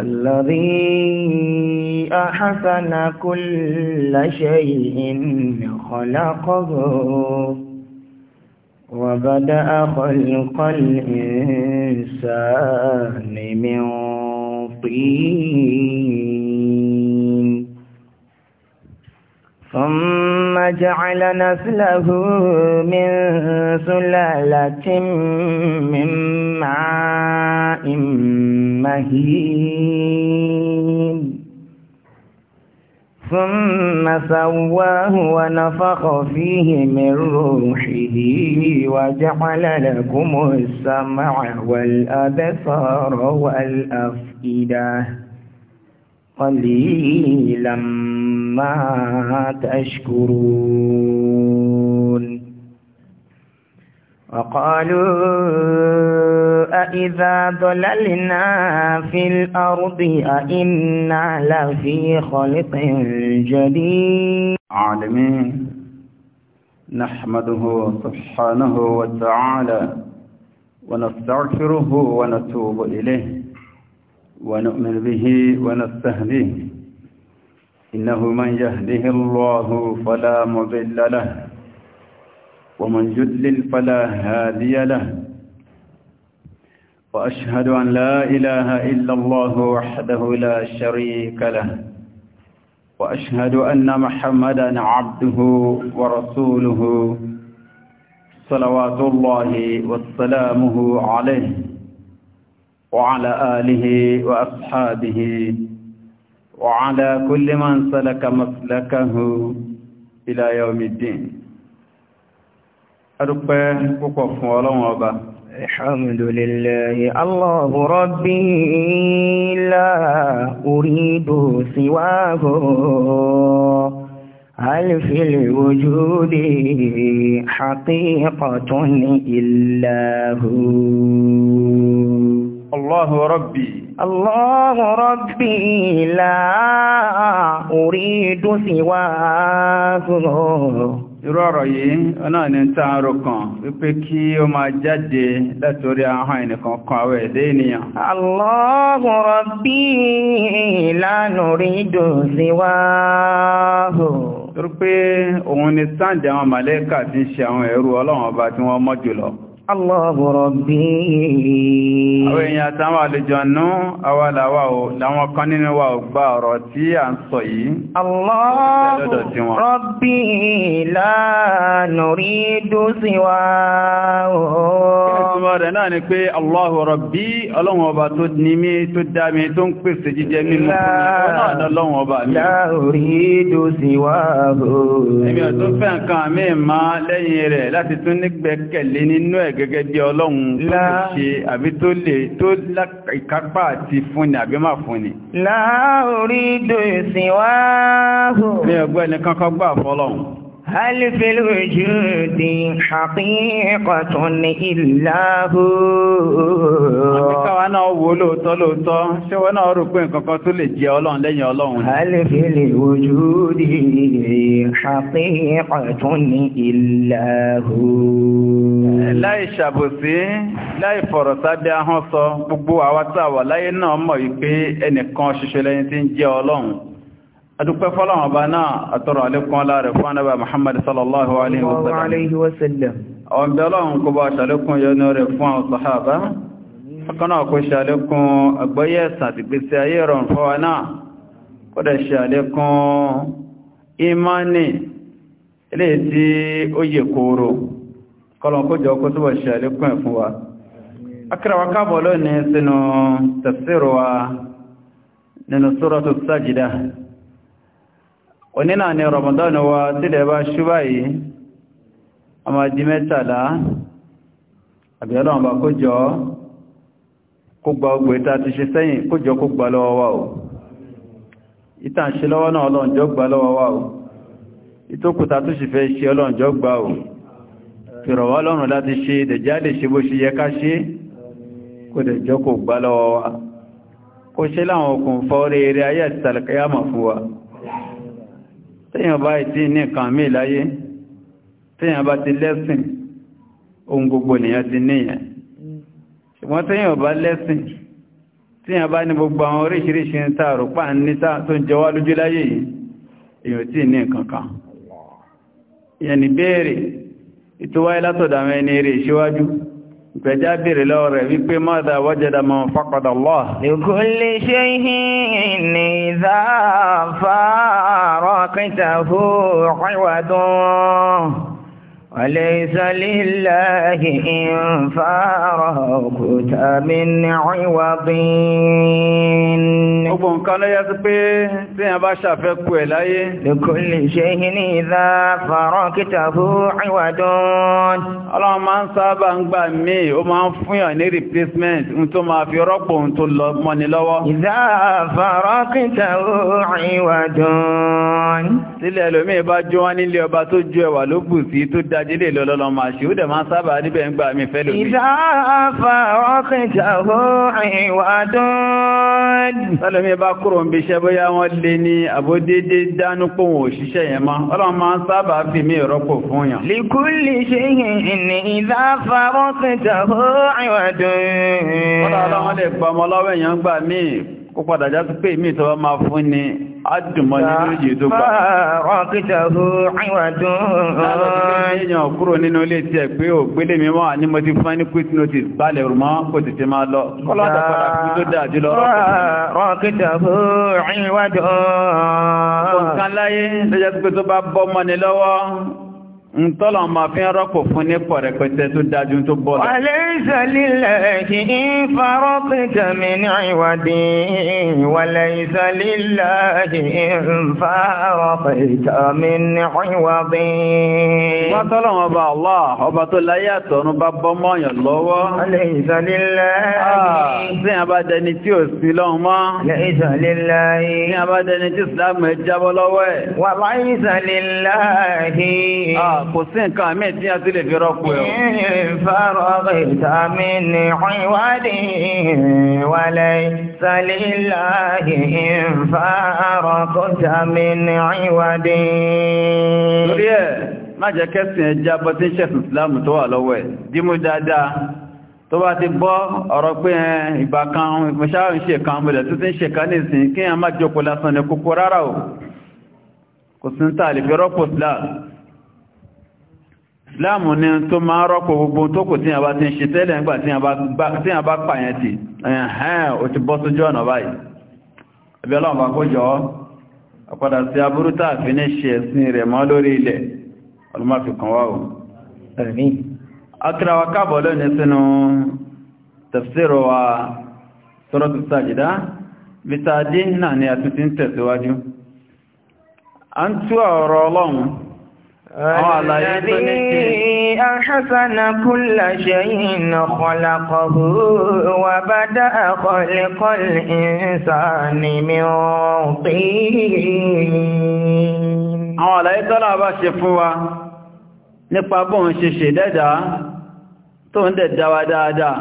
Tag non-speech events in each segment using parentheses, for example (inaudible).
الذي أحسن كل شيء خلقه وبدأ خلق الإنسان من طين ثم جعل نسله من سلالة من ماء مهين ثم سواه ونفخ فيه من روحه وجعل لكم السمع والأبصار والأفئدة قليلا ما تشكرون وقالوا أإذا ضللنا في الأرض أإنا لفي خلق جديد عالمين نحمده سبحانه وتعالى ونستغفره ونتوب إليه ونؤمن به ونستهديه إنه من يهده الله فلا مضل له ومن يدلل فلا هادي له وأشهد أن لا إله إلا الله وحده لا شريك له وأشهد أن محمدا عبده ورسوله صلوات الله وسلامه عليه وعلى آله وأصحابه وعلى كل من سلك مسلكه إلى يوم الدين أدوبة كوكوف ولو أبا الحمد لله الله ربي لا أريد سواه هل في الوجود حقيقة إلا هو الله ربي الله ربي لا أريد irú ọ̀rọ̀ yìí náà ni ń tàn kan wípé kí ó máa jáde látorí ahọ́n ẹnìkan kan àwọ̀ ẹ̀dẹ́ ènìyàn. Allahu òun ni àwọn màlẹ́kà ti ń ṣe àwọn ọlọ́run ọba tí wọ́n jùlọ. Allahu Rabbi. Àwọn èèyàn àtàwọn àlùjọ̀nú, àwọn àlàwà ò láwọn kan nínú wa ò gba ọ̀rọ̀ tí à ń sọ yìí. Allahu Rabbi la nuridu siwa. Ìtumọ̀ rẹ̀ náà ni pé Allahu Rabbi, ọlọ́run ọba tó ní mí tó dá mi tó ń pèsè jíjẹ mímu fún mi. La nuridu siwa. Èmi ọ̀tún fẹ́ nǹkan mi máa lẹ́yìn rẹ̀ láti tún nígbẹ̀kẹ̀lé gẹ́gẹ́ bí ọlọ́run tó ṣe àbí tó lè tó ìkápá àti fúnni àbí máa fúnni. láàárín dòsìn wáhùn. mi ò gbọ́ gbà fọ́lọ́run. هل في الوجود حقيقة إلا هو Àwọn wo lóòótọ́ lóòótọ́, ṣé wọ́n náà rò pé nǹkan kan tó lè jẹ ọlọ́run lẹ́yìn ọlọ́run. هل في الوجود حقيقة إلا هو. Láì ṣàbòsí, láì fọ̀rọ̀ sábẹ́ ahọ́n sọ, gbogbo àwa tá a wà láyé náà mọ̀ wípé ẹnìkan ṣoṣo lẹ́ni tí ń jẹ́ ọlọ́run adúpẹ́ fọ́lọ́wọ̀n bá náà àtọrọ àlékún láàrẹ fún ànábì Muhammad sallallahu alaihi wasallam àwọn bẹ́lọ́wọ̀n kó bá ṣàlékún yọnú rẹ̀ fún àwọn sàhábá ọkànà kó ṣàlékún àgbọ́yẹ̀ sàtìgbésí ayé rọrùn fọ́wà náà kó dẹ̀ ṣàlékún imani ilé tí ó yẹ kóró kọlọ̀n kó jọ kó onínà ni Ramadan wa tílẹ̀ bá ṣúbà yìí a máa di mẹ́tàlá àbíọ́lọ́ ọba kó jọ kó gba ogbò ìta ti ṣe sẹ́yìn kó jọ kó gba lọ́wọ́ wa o ìta ń ṣe lọ́wọ́ gbá lọ́wọ́ kó ṣe láwọn okùn fọ́ orí eré ayé àti tàlẹ̀kẹ́yàmọ̀ fún wa téèyàn bá ìtí ní nǹkan mí láyé téèyàn bá ti lẹ́sìn ohun gbogbo nìyàn ti níyàn ṣùgbọ́n téèyàn bá lẹ́sìn téèyàn bá ní gbogbo àwọn oríṣiríṣi ń tààrù pà ń tó ń jẹwá lójú láyé yìí èyàn tí ní nǹkan kan ìyẹn ni béèrè ìtọ́wáyé látọ̀dọ̀ àwọn ẹni eré ìṣíwájú Ìgbẹ̀já bèèrè lọ́wọ́ rẹ̀ wípé mọ́dá wajada man faqada Allah. Li kulli shay'in idha faraqtahu 'iwadun. وليس لله إن فارقت من عوض Gbogbo nǹkan ló yá sí pé tí a bá ṣàfẹ́kù ẹ̀ láyé. Lèkòlè ṣe ní ìdá fàárọ̀ kíta fún àìwàdán. Ọlọ́run máa ń sábà ń gbà mí, ó máa ń fúnyàn ní replacement, ń tó máa fi rọ́pò ń tó lọ mọ́ni lọ́wọ́. Ìdá fàárọ̀ kíta fún àìwàdán. Sílẹ̀ lómi ìbá jó wá nílé ọba tó ju ẹwà ló bù sí tó dájú délé lọ́lọ́lọ́ máa ṣe ó dẹ̀ máa sábà níbẹ̀ ń gbà mí fẹ́ lómi. ìdáfà ọkẹjà ó ìwádọ́n. sálọ́mí bá kúrò ń bí iṣẹ́ bóyá wọ́n lé ní àbódédé dánú pòhùn òṣìṣẹ́ yẹn mọ́ ọlọ́run máa ń sábà fi mí rọ́pò fún yàn. lìkúlì ṣe yìnyín ní ìdáfà ọkẹjà ó ìwádọ́n. ọlọ́run lè gbọmọ lọ́wọ́ èèyàn gbà míì kó padà já sí pé ìmí ìtọ́ máa fún ni adùnmọ́ nínú ìyè tó gbà. rọ́kítàhù àìwàdùn. èèyàn kúrò nínú ilé tí ẹ pé ò gbélé mi mọ́ ni mo ti fún ní quick notice balẹ̀ rùmọ́ kò tètè máa lọ. kọ́lọ́dà padà fún tó dáa jùlọ. rọ́kítàhù àìwàdùn. kò ń kan láyé lọ́jọ́ pé tó bá bọ́ mọ́ni lọ́wọ́ ń tọ́lọ̀ fi ń rọ́pò fún ní pọ̀rẹ̀pẹ̀tẹ́ tó dájú tó bọ́lá. Alaysa lillahi in faraqta min iwadin wa laysa lillahi in faraqta min iwadin. Wọ́n tọ́lọ̀ wọn bá ọba tó láyé àtọ̀run bá bọ́ mọ́yàn lọ́wọ́ kò sí nǹkan àmì tí a ti lè fi rọ́pò ẹ̀. ìfàrọ̀ ìtàmì ní ìwádìí ìwàlẹ̀ ìsàlélà ìfàrọ̀ ìtàmì ní ìwádìí. lórí ẹ̀ má jẹ́ kẹ́sìn ẹja bọ́ tí ṣẹ̀sùn ìsìlámù tó wà lọ́wọ́ ẹ̀ dímú dáadáa tó bá ti gbọ́ ọ̀rọ̀ pé ìgbà kan ìpínṣáà ń ṣe kan mọ̀lẹ̀ tó ti ń ṣe láàmù ní tó máa rọ́pò gbogbo tó kò tí a bá ti ń ṣe tẹ́lẹ̀ tí a bá pààyàn tí ẹ̀hẹ́n ò ti bọ́ sójú ọ̀nà báyìí ẹbí ọlọ́run bá kó jọ ọ̀padà sí aburú fi ní ṣe ẹ̀sìn rẹ̀ mọ́ lórí ilẹ̀ ọlọ́máfikàn الذي أحسن كل شيء خلقه وبدأ خلق الإنسان من طين àwọn àlàyé tọ́lá bá ṣe fún wa nípa bó ń ṣe ṣe dẹ́dà tó ń dẹ̀dà wa dáadáa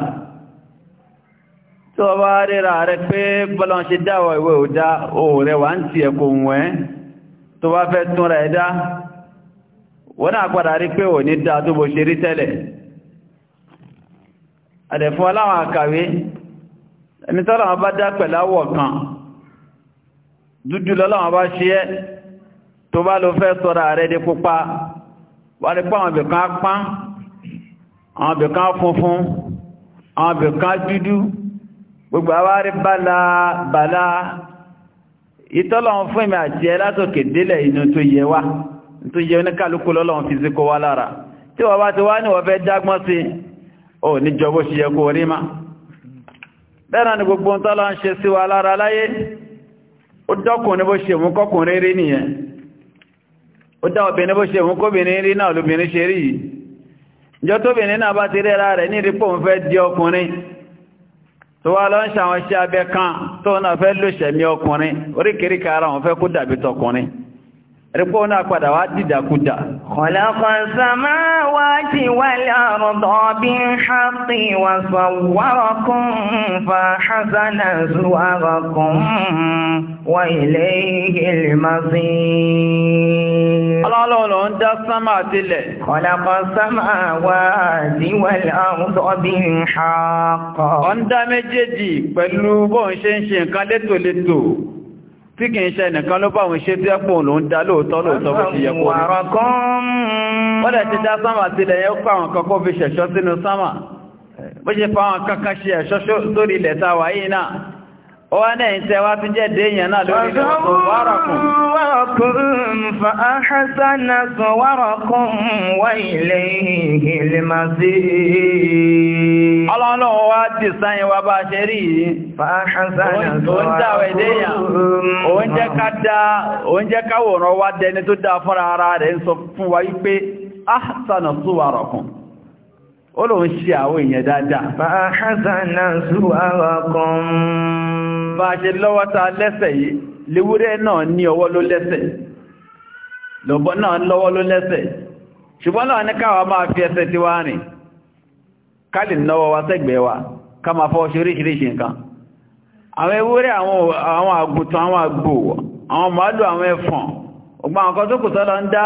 tó bá ríra rẹ̀ pé bọ́lọ́n ṣe dáwọ̀ ìwé ò dá òòrẹ̀ wà ń ti ẹ̀kùn wẹ́ tó bá fẹ́ tún rẹ̀ dáa wọ́n náà padà rí pé ò ní dá tó bó ṣe rí tẹ́lẹ̀ àdẹ̀fún aláwọn àkàwé ẹni tọ́lọ̀wọ́n bá dá pẹ̀láwọ̀ kan dúdú lọ́lọ́wọ́n bá ṣe ẹ́ tó bá lọ fẹ́ sọ́ra rẹ̀ dé pupa wà ní pọ́ àwọn ibìkan funfun àwọn ibìkan dúdú gbogbo àwárí bala bala ìtọ́lọ̀wọ́n fún ìmẹ̀ àti ẹ látòkè délẹ̀ inú tó yẹ wá tó yẹ oníkàlùkù lọ́lọ́run fi sí kó wá lára tí wọ́n bá ti wá ní wọ́n fẹ́ jágbọ́n sí ò ní jọbó ṣe yẹ kó rí bẹ́ẹ̀rẹ̀ ni gbogbo ń tọ́lọ ń ṣe sí wa lára láyé ó dọ́kùnrin bó ṣe mú kọkùnrin rí nìyẹn ó dá obìnrin bó ṣe mú kóbìnrin rí náà lóbìnrin ṣe rí yìí ìjọ tóbìnrin náà bá ti rẹ́ra rẹ̀ ní ìrípò ń fẹ́ di ọkùnrin tó wá lọ ń ṣàwọn iṣẹ́ abẹ kan tó náà fẹ́ lóṣẹ̀mí ọkùnrin oríkèríkà ara wọn fẹ́ kó dàbí tọkùnrin ẹ̀rẹ́pọ̀ náà padà wá dìdàkúdà. Khalaqa samawati wal arda bil haqqi wa sawwarakum fa hasana suwarakum wa ilayhil masir. Ọlọ́lọ́lọ́ ń dá sánmà sílẹ̀. Khalaqa samawati wal arda bil haqqi. Ọ ń dá méjèèjì pẹ̀lú bọ́n ṣe ń tí kìí ṣe nìkan ló bá wọn ṣe tí ẹ̀pọ̀ ló ń dá lóòótọ́ lóòótọ́ bó ti yẹ kó ní. wọ́n dẹ̀ ti dá sámà sílẹ̀ yẹn pa àwọn fi ṣẹ̀ṣọ́ sínú sámà bó ṣe fa kankan ṣe ẹ̀ṣọ́ sórí ilẹ̀ táwa náà Ọwá náà ń tẹ́wá fi jẹ́ déèyàn náà lórí ìwọ̀sọ̀wárọ̀kùn. Wọ́rọ̀kùn fa áhásánà sọ̀wárọ̀kùn wà ilẹ̀ ìhìnlẹ̀ máa sí. Ọlọ́run wá ti Fa áhásánà sọ̀wárọ̀kùn ó lòun ṣe àwọn èèyàn dáadáa. bá a ṣàtànà sùn àwọn kan. bá a ṣe lọ́wọ́ ta lẹ́sẹ̀ yìí léwúrẹ́ náà ní ọwọ́ ló lẹ́sẹ̀ lọ́bọ náà lọ́wọ́ ló lẹ́sẹ̀ ṣùgbọ́n náà ní káwa máa fi ẹsẹ̀ tí wá rìn ká lè náwọ́ wa sẹ́gbẹ̀ẹ́ wa ká máa fọ́ ṣe oríṣiríṣi nǹkan àwọn ewúrẹ́ àwọn àgùntàn àwọn àgbò àwọn màálù àwọn ẹfọ̀n ògbà àwọn kan tó kù sọ́lọ ń dá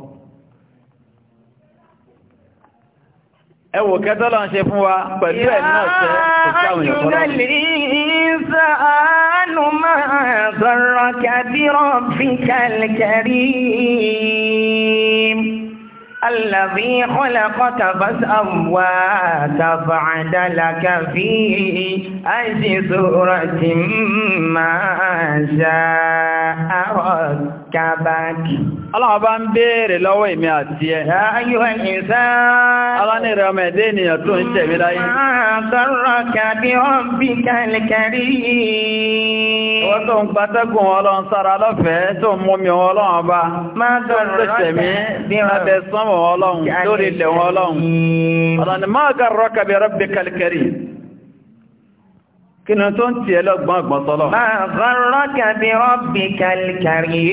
ẹwò kẹtọ́lọ ń ṣe fún wa pẹ̀lú ẹ̀ náà ṣe ìṣàwọn ìṣọ́lọ́ الذي خلقت أموات بعد لك في أي سورة ما شاء ركبك الله بان بير لو يا أيها الإنسان الله نرمدين يتون شبراي ما قرك بربك الكريم وطن قطق ولن صرى لفيت ومومي ولن با ما قرك بربك الكريم wọn ọlọ́run lórí ilẹ̀ wọn ọlọ́run ọlọ́run máa gàrọ́ kàbí rọ́bì kàlìkẹ̀rì kí ni tó ń tiẹ̀ lọ́gbọ́n ọgbọ́n sọ́lọ́ máa gàrọ́ kàbí rọ́bì kàlìkẹ̀rì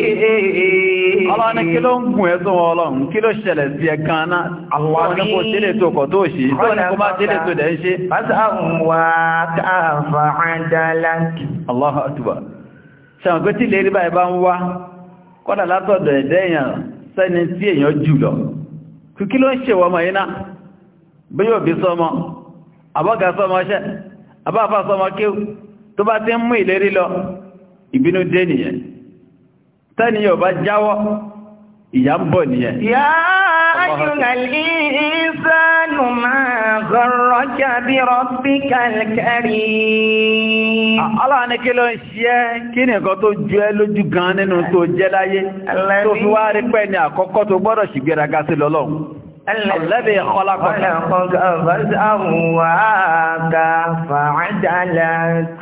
ọlọ́run kí ló ń gùn ẹ́ tó wọn ọlọ́run kí ló ṣẹlẹ̀ sí rí báyìí bá ń wá kọ́dà látọ̀dọ̀ ẹ̀dẹ́ èèyàn sẹ́ni tí èèyàn jù lọ kò kí ló ń ṣe wọ́mọ̀ iná bí yóò bí sọmọ àbọ́gà sọmọ ṣẹ́ àbáfà sọmọ kí tó bá ti ń mú ìlérí lọ ìbínú dé nìyẹn yóò bá jáwọ́ ìyà ń bọ̀ nìyẹn. Yá ayúlẹ̀lì ìsánù máa gọ́rọ̀ jábí rọ́bí kàlkàrí. Aláà ní kí ló ń ṣe ẹ́ kí ni nǹkan tó jù ẹ́ lójú gan nínú tó jẹ́ láyé tó fi wá rí pẹ́ ni àkọ́kọ́ tó gbọ́dọ̀ ṣìgbéraga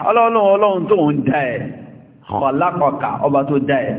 Ọlọ́run ọlọ́run tó ń dá ẹ̀, ọ̀lákọ̀ọ̀kà ọba tó dá ẹ̀.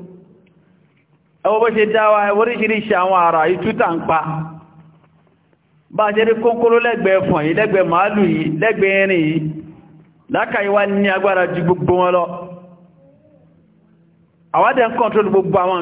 ẹwọ bó ṣe dáwà oríṣiríṣi àwọn àrà ìtútà ń pa bá ṣe rí kókóró lẹ́gbẹ̀ẹ́ fún yìí lẹ́gbẹ̀ẹ́ màálù yìí lẹ́gbẹ̀ẹ́ irin yìí lákàíwá ní agbára ju gbogbo wọn lọ àwádẹ́ ń gbogbo àwọn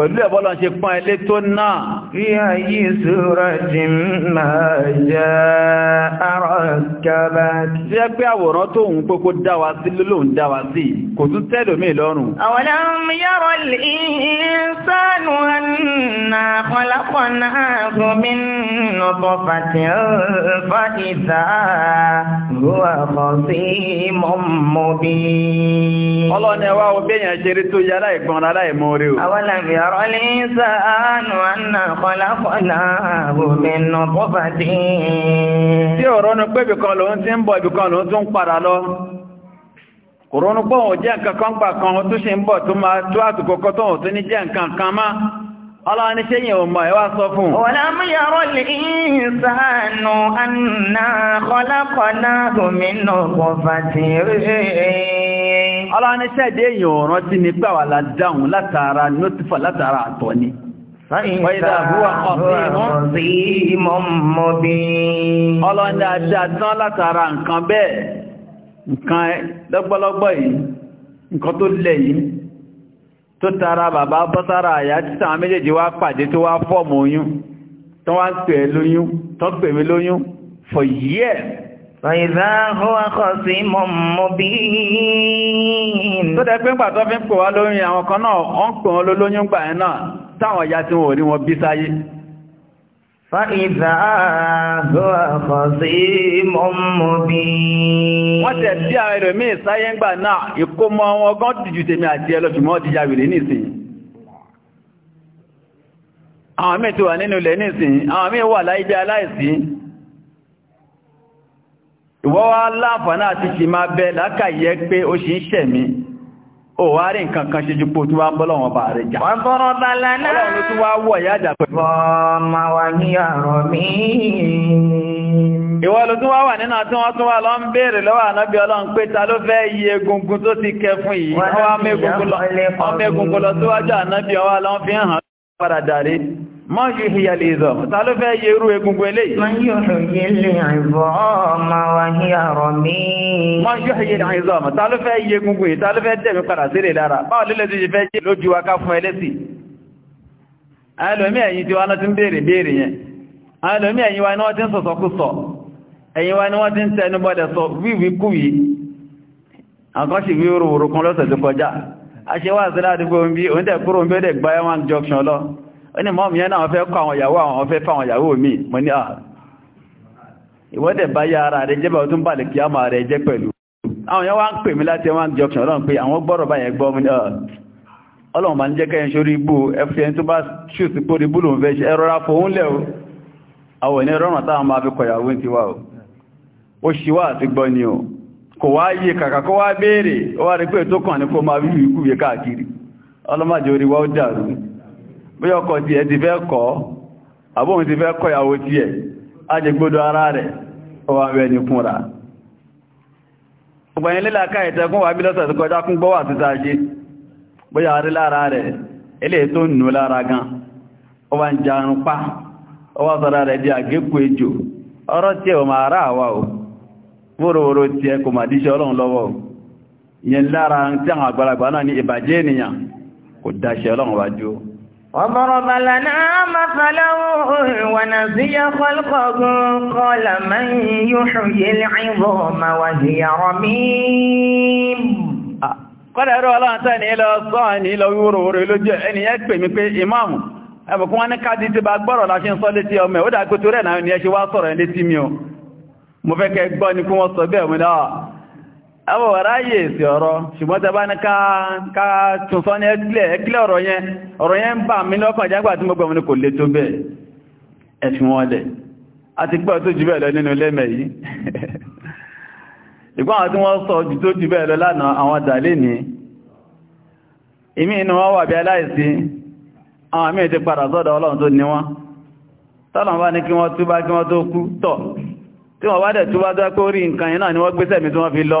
pẹ̀lú ẹ̀bọ́lọ́n ṣe pán ilé tó náà fi ayé ìṣúra jì máa jẹ́ ara tí ẹ pé àwòrán tó ń pé dáwà sí lólóhùn dáwà sí kò tún tẹ́lò mí lọ́rùn awalam yara al-insanu anna khalaqnahu min nutfatin fa idha huwa khasimun mubin ọlọ́ni ẹwà awalam yara أكبر الإنسان أنا خلقناه من نطفة tí ọ̀rọ̀ ní pé ibìkan lòun ti ń bọ̀ ibìkan lòun tún padà lọ kòrónú pọ̀ òun jẹ́ nǹkan kan kan tó ṣe ń bọ̀ tó máa tó àtùkò tó òun tó ní jẹ́ nǹkan kan má ọlọ́wọ́ ní aláníṣẹ́ èdè èèyàn ọ̀ràn tí ní pàwà ládáhùn látara nótífà látara àtọ̀ ni Wàídà àbúwà ọ̀fí mọ́ mọ́ bí i. Ọlọ́ni àti àtán látara nǹkan bẹ́ẹ̀, nǹkan lọ́gbọ́lọ́gbọ́ yìí, nǹkan tó lẹ̀ yìí, tó tara bàbá bọ́sára àyà títà àwọn méjèèjì wá pàdé tó wá fọ́ọ̀mù oyún, tó wá ń pè lóyún, tó pè mí lóyún, for years فَإِذَا هُوَ خَصِيمٌ مُّبِينٌ tó dẹ̀ pé ń pàtọ́ fi ń pè wá lóyún àwọn kan náà ọ ń pè wọn lólóyún gbà ẹ̀ náà táwọn ìyá tí wọn ò ní wọn bí sáyé فَإِذَا هُوَ خَصِيمٌ مُّبِينٌ wọ́n tẹ̀ bí àwọn ẹlòmíì sáyé ń gbà náà ìkómọ àwọn míì ti wà nínú ilẹ̀ nísìnyí àwọn míì wà láyé jẹ́ ìwọ́ wá láàfàánà àti ṣì máa bẹ lákàyẹ pé ó ṣe ń ṣẹ̀mí ó wá rí nǹkan kan ṣe jùpò tí wá ń bọ́lọ̀wọ̀n bá rẹ̀ jà wọ́n bọ́rọ̀ bá lánàá ọlọ́run tún wá wà nínú àti wọ́n tún wá lọ ń béèrè lọ́wọ́ ànábí ọlọ́run pé ta ló fẹ́ yí egungun tó ti kẹ fún yìí wọ́n mẹ́gungun lọ síwájú ànábí ọwọ́ lọ́n fi hàn padà dàrí mọ́ yìí hìyà lè zọ̀ ta ló egungun eleyi? mọ́ yóò hìyà lè àìbọ̀ ma wa ní ọ̀rọ̀ mi. mọ́ yóò hìyà lè àìzọ̀ ọmọ ta egungun yìí ta ló fẹ́ tẹ̀mí padà ni wa ẹni mọ́ mìíràn náà fẹ́ kọ́ àwọn ìyàwó àwọn fẹ́ fáwọn ìyàwó mi mọ́ ní àà ah. ìwọ́dẹ̀ bá yá ara rẹ̀ jẹ́bà tún bá lè kí á máa rẹ̀ jẹ́ pẹ̀lú àwọn yẹn wá ń pè mí láti wá ń jọkṣàn ọlọ́run pé àwọn gbọ́rọ̀ ah. bá yẹn gbọ́ mi náà ọlọ́run máa ń jẹ́ kẹ́yìn sórí ibú ẹfẹ́ tó bá ṣù sí ọlọ́màjò orí wa ó dàrú bóyá ọkọ tiẹ̀ ti fẹ́ kọ́ àbóhun ti fẹ́ kọ́ ìyàwó ajẹgbódò ara rẹ̀ ọwà rẹ̀ ní kúnra ọgbàyìn lílà ká ìtẹ́kún wà bí ti kọjá kún gbọ́wà ti sáájé bóyá rí lára rẹ̀ tó nù lára gan ọwà ń jarun pa ọwà sọ́ra rẹ̀ di àgékù ejò tí ara àwà o wórówóró tí ẹ kò màdíṣẹ́ ọlọ́run lọ́wọ́ ìyẹn lára tí àwọn àgbàlagbà náà ní ìbàjẹ́ ènìyàn kò dáṣẹ́ ọlọ́run wájú o وضرب لنا مثلا ونسي خلقه قال من يحيي العظام وهي رميم kọ́lẹ̀ ẹ̀rọ aláàtà ní ilẹ̀ ọ̀sán ní ilẹ̀ oríwòrò lójú ẹni ẹ́ pè mí pé ìmáàmù ẹbùkún wọn ní káàdì tí bá gbọ́rọ̀ láti ń sọ létí ọmọ ẹ̀ ó dà kó tó rẹ̀ náà ni ẹ ṣe wá sọ̀rọ̀ létí mi o mo fẹ́ kẹ́ gbọ́ ní kí wọ́n sọ bẹ́ẹ̀ mú dáa àwọ̀ ráyè èsì ọ̀rọ̀ ṣùgbọ́n tẹ bá ní ká tún sọ ní ẹgbẹ́ ọ̀rọ̀ yẹn ọ̀rọ̀ yẹn ń bà mí lọ́kàn jágbà tí mo gbọ́mù ní kò lè tó bẹ́ẹ̀ ẹ̀fì wọn lẹ̀ àti gbọ́ tó jù bẹ́ẹ̀ lọ nínú lẹ́mẹ̀ yìí ìgbọ́n àwọn tí wọ́n sọ jù tó jù bẹ́ẹ̀ lọ lánàá àwọn dàlé ní ìmí inú wọn wà bí aláìsí àwọn àmì ti padà sọ́dọ̀ ọlọ́run tó ní wọn tọ́lọ̀ bá ní kí wọ́n túbá kí wọ́n tó kú tọ̀ tí wọ́n wá dẹ̀ túbá tó kó rí nǹkan yìí náà ni wọ́n gbéṣẹ́ mi tí wọ́n fi lọ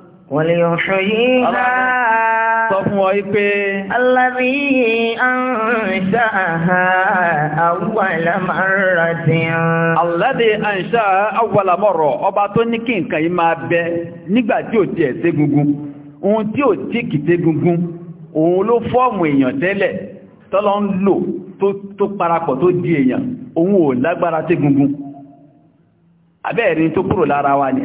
wọ́n lè yọ̀ṣọ́ yìí náà. sọ fún ọ wípé. alábí àǹṣà àwàlámọ́rọ̀dìn. alábí àǹṣà àwàlámọ́rọ̀ ọba tó ní kí nǹkan yìí máa bẹ nígbà tí ò tiẹ̀ sé gungun ohun tí ò tí kì sé gungun òun ló fọ́ọ̀mù èèyàn tẹ́lẹ̀ tọ́lọ ń lò tó parapọ̀ tó di èèyàn òun ò lágbára sé gungun abẹ́ẹ̀rin tó kúrò lára wa ni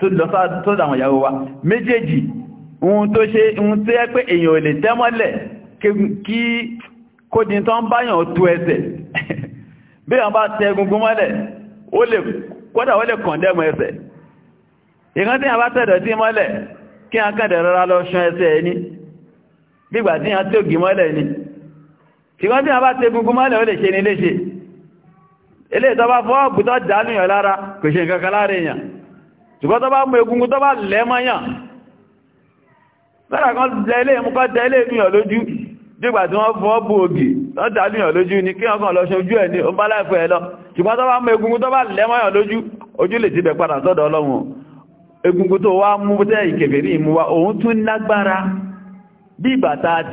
tó lọ sọ́dọ̀ àwọn ìyàwó wa méjèèjì ohun tó ṣe ohun tó yẹ pé èèyàn ò lè tẹ́mọ́lẹ̀ kí kó tán báyàn tó ẹsẹ̀ (laughs) bí wọ́n bá tẹ egungun mọ́lẹ̀ kódà ó lè kàn dẹ́mọ ẹsẹ̀ ìkan tí wọ́n bá tẹ̀dọ̀ sí mọ́lẹ̀ kí wọ́n kàn dẹ̀rọra lọ ṣan ẹsẹ̀ ẹni bígbà tí wọ́n tó gì mọ́lẹ̀ ni ṣùgbọ́n tí wọ́n bá tẹ egungun mọ́lẹ̀ ó lè ṣe ní léṣe ilé ìtọ́ bá fọ́ ọ̀gbùtọ́ dánúyàn lára kò ṣe nǹkan kan láàrin èèyàn ṣùgbọ́n tó bá mú egungun tó bá lẹ́mọ́yàn lára kan lẹ́lé ìmúkọ́ tẹ́lé ìmúyàn lójú dígbà tí wọ́n fọ́ bú ògì wọ́n tàbíyàn lójú ní kí wọ́n kàn lọ ṣojú ẹ̀ ní ọmọ aláìfẹ́ ẹ lọ ṣùgbọ́n tó bá mú egungun tó bá lẹ́mọ́yàn lójú ojú lè ti bẹ̀ padà sọ́dọ̀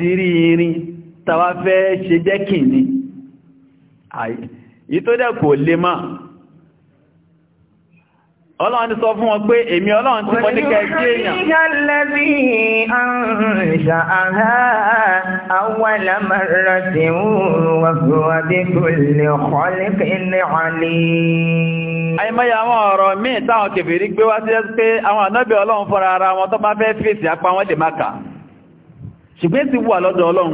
ọlọ́run ni ìtọ́dẹ̀ kò lè máa Ọlọ́run ti sọ fún wọn pé èmi Ọlọ́run tí mo ní kẹjẹ́ èèyàn. Àìmọ́yà àwọn ọ̀rọ̀ míì táwọn kèfèrí gbé wá sí pé àwọn ànábì Ọlọ́run fọ́ra ara wọn tó bá fẹ́ fèsì apá wọn lè máka. Ṣùgbọ́n ti wà lọ́dọ̀ Ọlọ́run,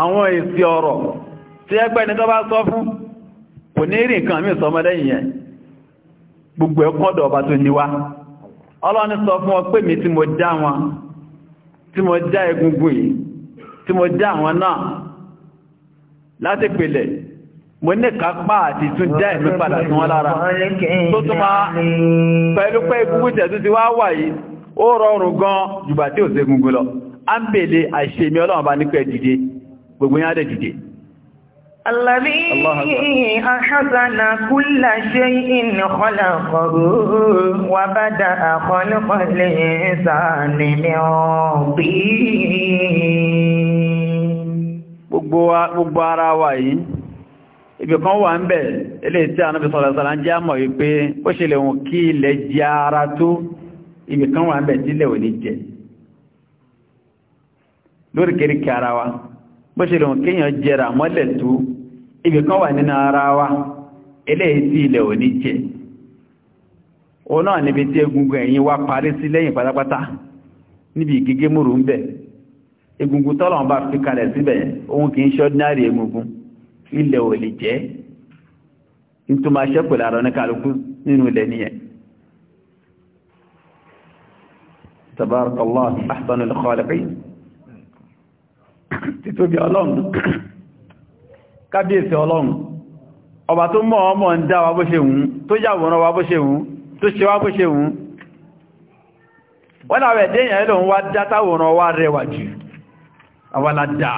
àwọn èsì ọ̀rọ̀ tí ẹgbẹ́ ni tó bá sọ fún kò ní rí nǹkan mìí sọmọdé yìnyẹn gbogbo ẹ̀kọ́dọ̀ ọba tó níwá ọlọ́ni sọ fún ọ pé mi tí mo dá wọn tí mo dá egungun yìí tí mo dá àwọn náà láti pèlẹ̀ mo ní kápá àti tún dá ẹ̀mí padà sí wọn lára tó tún máa pẹ̀lú pé egungun tẹ̀ tó ti wá wà yìí ó rọrùn gan jùbà tí ò sí egungun lọ á ń bèèlè àìṣe mi ọlọ́run bá ní pẹ́ dìde gbogbo yá dẹ̀ dìde Alàbí àṣọ́sànà kúlà ṣe inú kọlà kọrò wà bá dá àkọlùkọlẹ̀ ìsànì ní ọ̀bí. Gbogbo ara wa yìí, ibi kan wà ń bẹ̀, ilé tí a náà fi sọ̀rọ̀ sọ̀rọ̀ jẹ́ mọ̀ wípé ṣe lè wọn kí ilẹ̀ jẹ ara tó, ibi kan wà ń bẹ̀ tí ilẹ̀ ò ní jẹ. Lórí kèríkè ara wa bó ṣe lòun kéèyàn jẹrà mọ́lẹ̀ tó ibi kan wà nínú ara wa eléyìí tí ilẹ̀ ò ní jẹ òun náà níbi tí egungun ẹ̀yìn wa parí sí lẹ́yìn pátápátá níbi ìgégé múrù ń bẹ̀ egungun tọ́lọ̀ bá fi kalẹ̀ síbẹ̀ òun kì í egungun ilẹ̀ ò jẹ́ nítorí máa ṣẹ́kù lára (coughs) títóbi ọlọ́run kábíyèsí ọlọ́run ọba tó mọ̀ ọmọ ń dá wa bó ṣe wùn tó yàwòrán wa bó ṣe wùn tó ṣe wa bó ṣe wùn wọ́n láwẹ̀ déyàn ẹlò ń wá dátàwòrán wá rẹwà jù àwàládà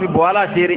fi bọ̀ aláṣẹ́rí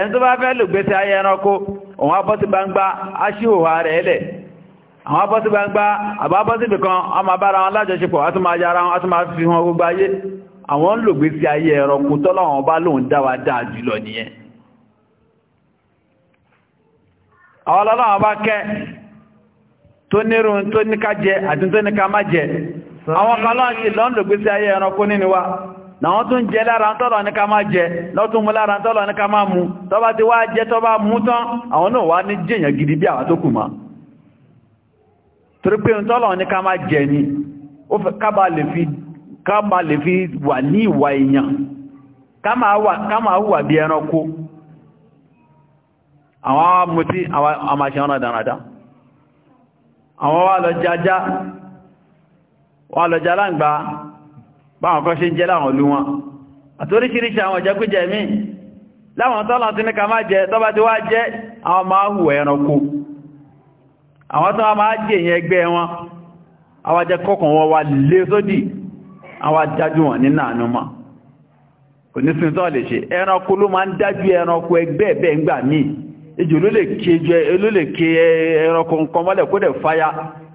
ẹni tó bá fẹ́ lò gbé ayé ẹranko òun abọ́sí gbangba aṣíhòhà rẹ̀ ẹlẹ̀ àwọn abọ́sí gbangba àbábọ́sí bìkan a máa wọn lájọṣepọ̀ a tún máa wọn fi hàn gbogbo ayé àwọn ń lò gbé ẹranko tọ́lọ́wọ́n bá dáwà dáa jùlọ nìyẹn àwọn ọlọ́wọ́n náà tún jẹ lára tọ́lọ̀ ní ká máa jẹ lọ́tún mú lára tọ́lọ̀ ní ká máa mú tó bá ti wá jẹ tó bá mú tán àwọn náà wá ní jẹyàn gidi bí àwọn tó kù mọ́ torí pé tọ́lọ̀ ní ká máa jẹ ni ká bá lè fi wà ní ìwà èèyàn ká wà bí ẹranko àwọn mutí àwọn àṣẹ báwọn kan ṣe ń jẹ́ láwọn olú wọn àtoríṣiríṣi àwọn láwọn tọ́lọ̀ tí ní ká máa jẹ tọ́bá tí wá jẹ́ àwọn máa hù ẹranko àwọn tó máa jẹ èyàn ẹgbẹ́ wọn àwọn jẹ kọkàn wọn wà lè sódì àwọn dájú wọn ní kò ní sin ṣe ẹranko ló máa ń dájú ẹranko ẹgbẹ́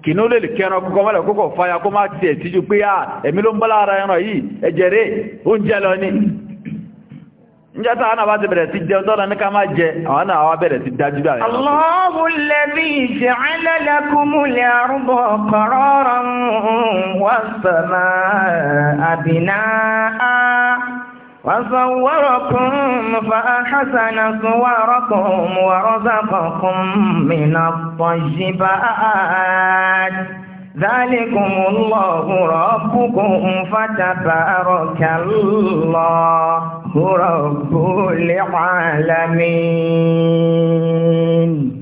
kì lè kẹran kọkọ mọ́lẹ̀ kókò fàyà kó máa ti ẹ̀tíjú pé à ah, ẹ̀mí ló ń bọ́lá ara ẹran yìí ẹjẹ̀rẹ́ oúnjẹ lọ ní njẹta àwọn àbá bẹ̀rẹ̀ sí jẹ ọdọ́nà ní ká máa jẹ àwọn náà bẹ̀rẹ̀ sí dájú dáa Allahu alladhi ja'ala lakumul arda qararan was وصوركم فأحسن صوركم ورزقكم من الطيبات ذلكم الله ربكم فتبارك الله رب العالمين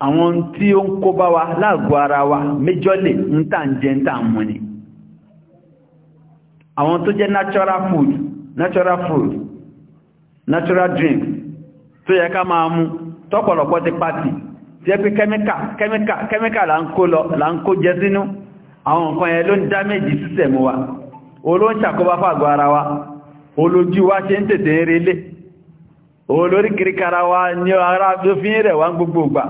àwọn tí ó ń kó bá wa láàgọ́ ara wa méjọ́lè ń tà ń jẹ ń tà mú ni àwọn tó jẹ́ natural food natural food natural drink tó yẹ ká máa mú tọ́pọ̀lọpọ̀ ti pàtì tí ẹ pé kẹ́míkà là ń kó jẹ sínú àwọn nǹkan ẹ ló ń dámẹ́jì sísẹ̀ wa olóń ṣàkóbá fàgọ́ ara wa wa ṣe ń tètè wa ni ara tó gbogbo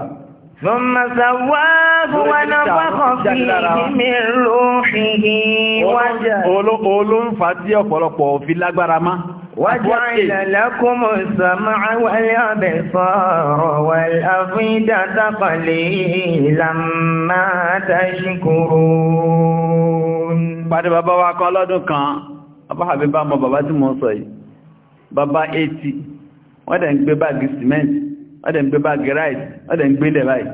ثم سواه ونفخ فيه من روحه olóńfà tí ọ̀pọ̀lọpọ̀ fi lágbára má. وجعل لكم السمع والأبصار والأفئدة قليلا ما تشكرون. Pàdé bàbá wa kan lọ́dún kan, bàbá àbí bá mọ bàbá tí mo sọ yìí, bàbá 80, wọ́n dẹ̀ ń gbé báàgì sìmẹ́ǹtì wọ́n dẹ̀ ń gbé báàgì ráìs wọ́n dẹ̀ ń gbé lẹ̀ báyìí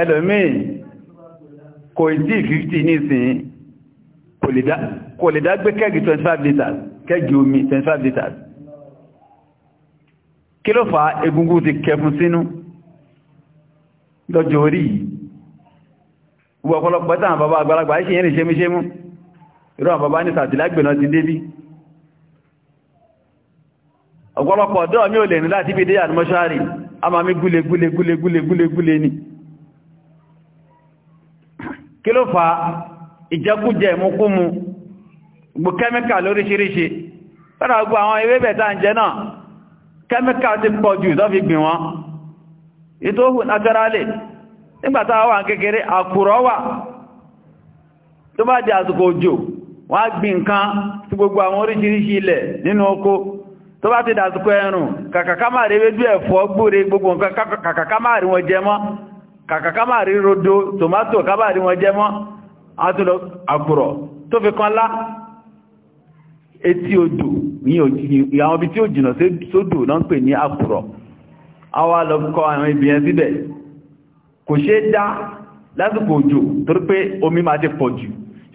ẹlòmíì kò ìdí 50 nísìnyí kò lè dá gbé kẹ́gì 25 litres kẹ́gì omi 25 litres kí ló fà egungun ti kẹfún sínú lọ́jọ́ orí gbogbo ọ̀pọ̀lọpọ̀ tàn bàbá àgbàlagbà ṣe yẹn ní ṣe mú ṣe mú ìrọ̀ bàbá ní sàtìlágbẹ̀ náà ti débí ọ̀pọ̀lọpọ̀ ọ̀dọ́ mi ò lè ní láti bí déyà mọ́ṣárì a máa mi gúlé gúlé gúlé gúlé gúlé gúlé ní kí ló fa ìjẹkújẹ ìmúkúmu gbò kẹ́míkà lóríṣiríṣi fẹ́ra gbọ́ àwọn ewébẹ̀ tá ń jẹ náà kẹ́míkà ti pọ̀ jù tọ́fi gbìn wọn ìtóhù naturally nígbàtá wà kékeré àkùrọ̀ wà tó bá di àsìkò òjò wọ́n gbìn nǹkan tí gbogbo àwọn oríṣiríṣi ilẹ̀ nínú oko tó bá ti dàsìkò ẹ̀rùn kàkàká máa rí wéjú ẹ̀fọ́ gbúre gbogbo nǹkan kàkàká máa wọn jẹ mọ́ rodo tomato ká máa rí wọn jẹ mọ́ àtúlọ àkùrọ̀ tó fi kan lá etí odò àwọn ibi tí ó jìnà sódò náà ń pè ní àkùrọ̀ àwa lọ kọ àwọn ibi síbẹ̀ kò ṣeé dá lásìkò òjò torí omi máa ti pọ̀ jù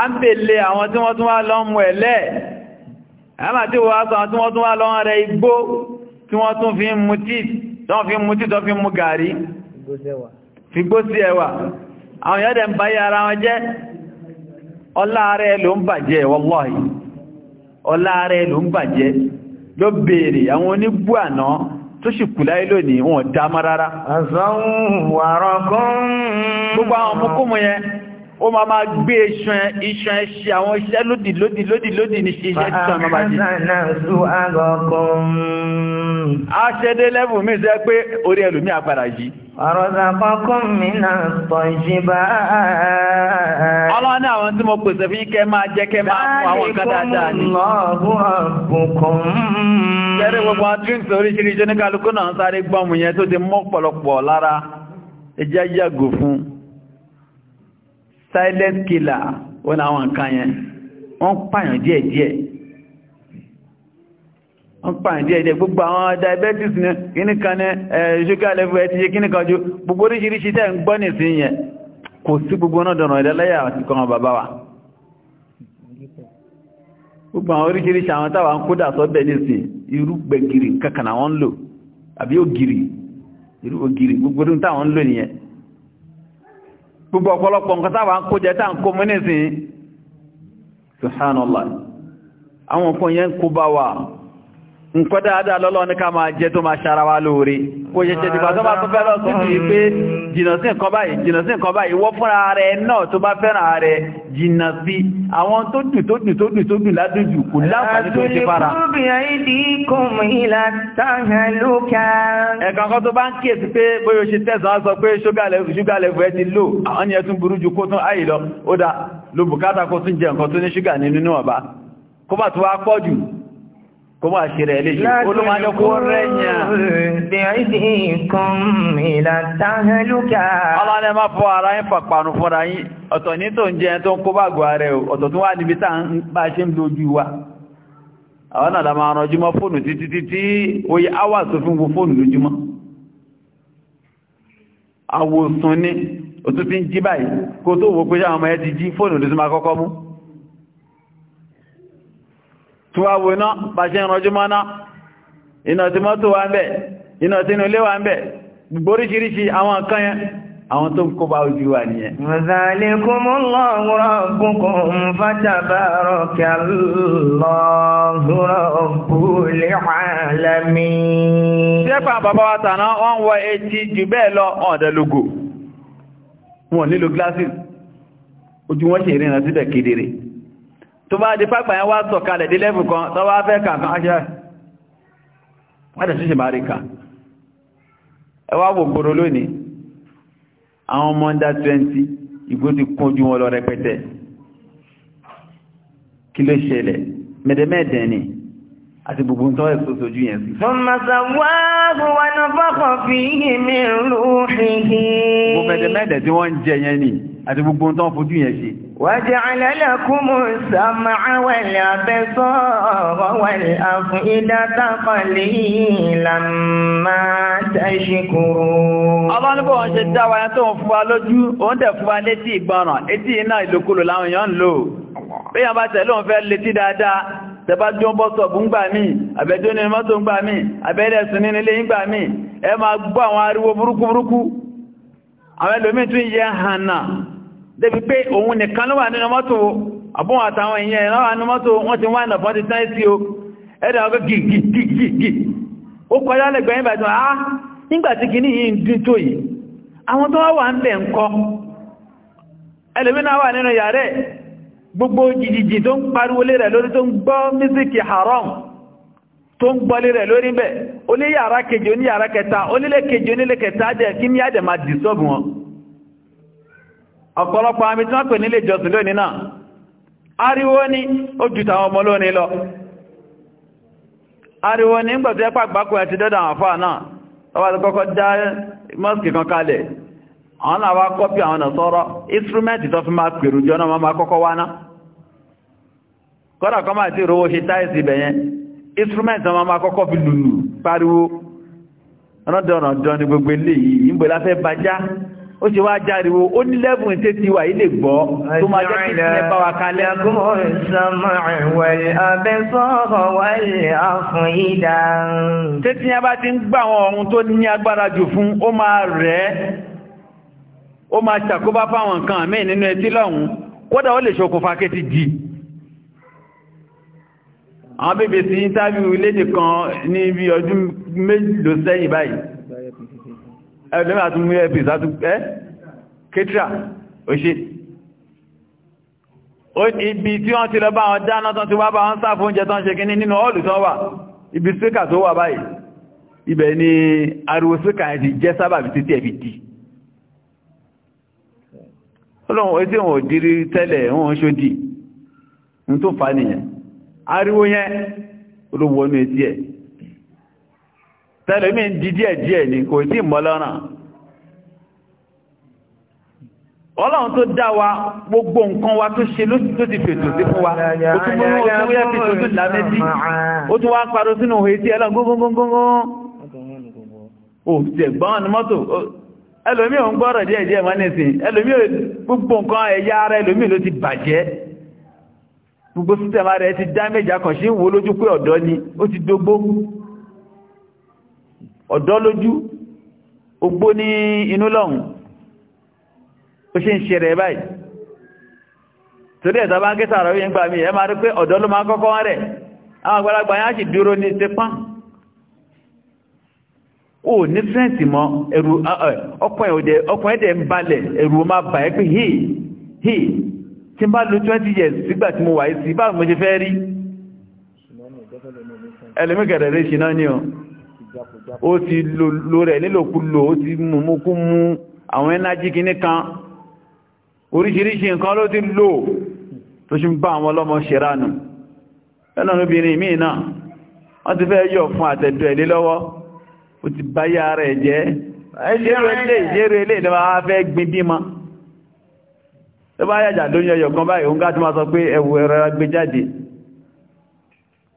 a ń bèèlè àwọn tí wọ́n tún wá lọ mú ẹ̀lẹ́ ẹ̀mà tí wọ́n sọ tí wọ́n tún wá lọ rẹ igbó tí wọ́n tún fi mú tí tán fi mú tí tán fi mú gàrí fi gbó sí ẹwà àwọn yẹ́dẹ̀ ń bá yí ara wọn jẹ́ ọláàrẹ ló ń bàjẹ́ wallahi ọláàrẹ ló ń bàjẹ́ ló bèèrè àwọn onígbù àná tó sì kù láyé lónìí wọn dámọ́ rárá gbogbo àwọn ọmọkúnmù yẹn ó máa máa gbé iṣan iṣan ṣe àwọn iṣẹ́ lódì lódì lódì lódì ní ṣe iṣẹ́ títàn máa bàjẹ́. a ṣe dé lẹ́bù mi sẹ́ pé orí ẹlòmí àpàdà yìí. ọ̀rọ̀dà kọ́kọ́ mi náà sọ ìṣìbá. ọlọ́run ní àwọn tí mo pèsè fún yín kẹ́ máa jẹ́ kẹ́ máa mú àwọn nǹkan dáadáa ni. sẹ́rí gbogbo àwọn drinks oríṣiríṣi oníkálukú náà sáré gbọ́mù yẹn silent killer wọ́n àwọn nǹkan yẹn wọ́n pààyàn díẹ̀díẹ̀ wọ́n pààyàn díẹ̀díẹ̀ gbogbo àwọn diabetes ní kíní kan ní ṣúgá ẹ̀ ti ṣe kíní kan jú gbogbo oríṣiríṣi tẹ́ ń gbọ́ nìsín gbogbo náà dọ̀nà ìdálẹ́yà àti bàbá wa gbogbo àwọn oríṣiríṣi gbogbo ọ̀pọ̀lọpọ̀ nǹkan táwà ń kó jẹ tá ń kó mú nísìn subhanallah àwọn nǹkan yẹn kó bá wa nǹkan dáadáa lọ́lọ́ ní ká máa jẹ tó máa ṣara wa lóore kò ṣẹ̀ṣẹ̀ dìgbà tó máa tó fẹ́ lọ síbi pé jìnà sí nǹkan báyìí jìnà nǹkan báyìí wọ́n fúnra rẹ̀ náà tó bá fẹ́ràn rẹ̀ jìnà àwọn tó dù tó dù tó dù tó dù ládùjù kò láǹfààní tó ti fara. ẹ̀kan bá ju kó tún áyì lọ ó dá lo bùkátà kó tún jẹ nǹkan tó ní ṣúgà wá pọ̀ jù kó máa ṣe rẹ̀ léṣe olómájọ́ kó rẹ̀yàn ọlọ́ni máa fọ́ ara yín pàpàánù fọ́ra yín ọ̀tọ̀ ní tó ń jẹ tó ń kó bá gbà rẹ̀ ọ̀tọ̀ tó wà níbi tá ń bá ṣe ń lójú wa àwọn náà máa fóònù títí títí oye áwà tó fún gbogbo fóònù lójúmọ́ àwòsùn ni ó tún fi ń jí báyìí kó tó wò pé sáwọn ọmọ ẹ ti jí fóònù ló tún mú tó wá wo iná bá ṣe ń rọjú mọ́ná iná tí mọ́tò wà ń bẹ̀ iná tí inú ilé wà ń bẹ̀ gboríṣiríṣi àwọn nǹkan yẹn àwọn tó ń kó bá ojú wa nìyẹn. zalikumullahu rabbukum fatabarakallahu rabbul alamin. ṣé pa bàbá wa tàná wọ́n wọ etí ojú wọn ṣe ìrìnà síbẹ̀ kedere tó bá di pápá yẹn wá sọ̀kalẹ̀ dé lẹ́bù kan tó wá fẹ́ kàkán aṣẹ́ wọ́n tẹ̀ ṣíṣe máa rí kà ẹ wá wò gbòrò lónìí àwọn ọmọ under 20 ìgbó ti kún ojú wọn lọ rẹpẹtẹ kí ló ṣẹlẹ̀ mẹ́dẹ̀mẹ́dẹ̀ ni àti gbogbo tó ẹ̀sọ́ sojú yẹn sí. Fọ́nmọ̀sàwọ́gbọ̀ wọn fọ́kọ̀ fi ìhìmì rú fìhì. Gbogbo ẹ̀dẹ̀mẹ́dẹ̀ tí wọ́n ń jẹ yẹn ni àti gbogbo tó ń fojú yẹn ṣe. وَجَعَلَ لَكُمُ السَّمْعَ وَالْأَبْصَارَ وَالْأَفْئِدَةَ قَلِيلًا مَا تَشْكُرُونَ Ọba ní bọ́ wọ́n ṣe tẹbá jọ bọ́sọ̀bù ń gbà mí àbẹ́jọ́ ní mọ́tò ń gbà mí àbẹ́rẹ̀ ní ilé ń gbà mí ẹ ma gbọ́ àwọn ariwo burúkú burúkú àwọn ẹlòmí tún yẹ hànà débi pé òun nìkan ló wà nínú mọ́tò àtàwọn èèyàn ẹ̀rọ wà nínú mọ́tò gbogbo jìjìjì tó ń pariwo lé rẹ̀ lórí tó ń gbọ́ mísíkì haram tó ń gbọ́ lé rẹ̀ lórí bẹ̀ oníyàrá kejì oníyàrá kẹta onílé kejì onílé kẹta jẹ́ kí ní àdẹ̀ máa dìsọ́bù wọn ọ̀pọ̀lọpọ̀ àmì tí wọ́n pè nílé ìjọsìn lónìí náà ariwo ni ó jù tàwọn ọmọ lónìí lọ ariwo ni ń gbọ̀tẹ́ pàgbákò ẹ̀ ti dọ́dà àwọn àfáà náà ọwọ́ àwọn náà wá kọ́pí àwọn náà sọ́rọ̀ instrumenti tó fi máa pèrò kọkọ náà máa kọ́kọ́ wá náà ṣe instrumenti pariwo ọnụ gbogbo ilé yìí ń bò ó ṣe wá járiwo ó ní lẹ́bùn wa kalẹ̀. ó máa ṣàkóbá fáwọn nǹkan àmì nínú etí lọ́hun kódà ó lè ṣokùnfà kéti jì àwọn BBC interview lédè kan ní ibi ọdún mélòó sẹ́yìn báyìí ẹ̀lẹ́mí àtúnmú ẹ̀pìs àtúnpẹ́ kétra òṣè ibi tí wọ́n ti lọ bá wọn dáná tán ti wá bá wọn sáfún oúnjẹ tán ṣe kíní nínú ọ́ọ̀lù tán wà ibi síkà tó wà báyìí ibẹ̀ ni ariwo síkà ẹ̀ ti jẹ́ sábàbí títí ẹ̀ ọlọ́run etí wọn ò dirí tẹ́lẹ̀ wọn ṣódì ní tó fà nìyẹn ariwo yẹn olówó inú etí ẹ̀ tẹ́lẹ̀ mi ń di díẹ̀ díẹ̀ ni kò tí mọ́ lọ́nà ọlọ́run tó dá wa gbogbo nǹkan wa tó ṣe ló ti fètò sí fún wa ó tún mú ọdún yẹ́ fètò tó lámẹ́dí ó tún wá parọ́ sínú òhètí ẹlọ́gbọ́gbọ́gbọ́gbọ́ ẹlòmí ò ń gbọ́rọ̀ díẹ̀ díẹ̀ mọ́ nísìn ẹlòmí ò gbogbo nǹkan ẹ̀yà ara ẹlòmí ló ti bàjẹ́ gbogbo sítẹ̀mà rẹ̀ ti dámẹ́jì akànṣí wo lójú pé ọ̀dọ́ ni ó ti dógbó ọ̀dọ́ lójú ogbó ní inú lọ́hùn ó ṣe ń ṣe rẹ̀ báyìí torí ẹ̀ta bá ń gẹ́sàrọ̀ yìí ń gbà mí ẹ máa rí pé ọ̀dọ́ ló máa kọ́kọ́ rẹ̀ àwọn àgbàlagbà yá sì dúró ní tepán O ní fẹ́ǹtì mọ́ ẹ̀rù ọkùn ẹ̀dẹ̀ ń balẹ̀ ẹ̀rù ọmọ bà ẹ́ pé hey hey tí n bá lo 20 years sígbà tí mo wà sí bá mo ṣe fẹ́ rí ẹlẹ́mìkẹ̀rẹ̀ rẹ̀ ṣe náà ní ọ ó ti lo rẹ̀ nílòkulò ó ti mú kú mú àwọn ẹnájí kìíní kan oríṣiríṣi nǹkan ló ti lò tó ṣe ń bá àwọn ọlọ́mọ ṣeránù ẹnà obìnrin míì wọ́n ti fẹ́ yọ fún àtẹ̀dọ̀ ẹ̀lé ó ti báyá rẹ̀ jẹ́ ẹlẹ́rẹ̀ ilé ìlẹ́wà fẹ́ gbin bímọ tó bá yàjà ló yọ yọ̀kan báyìí oúnjẹ́ tó máa sọ pé ẹwù ẹ̀rọ gbé jáde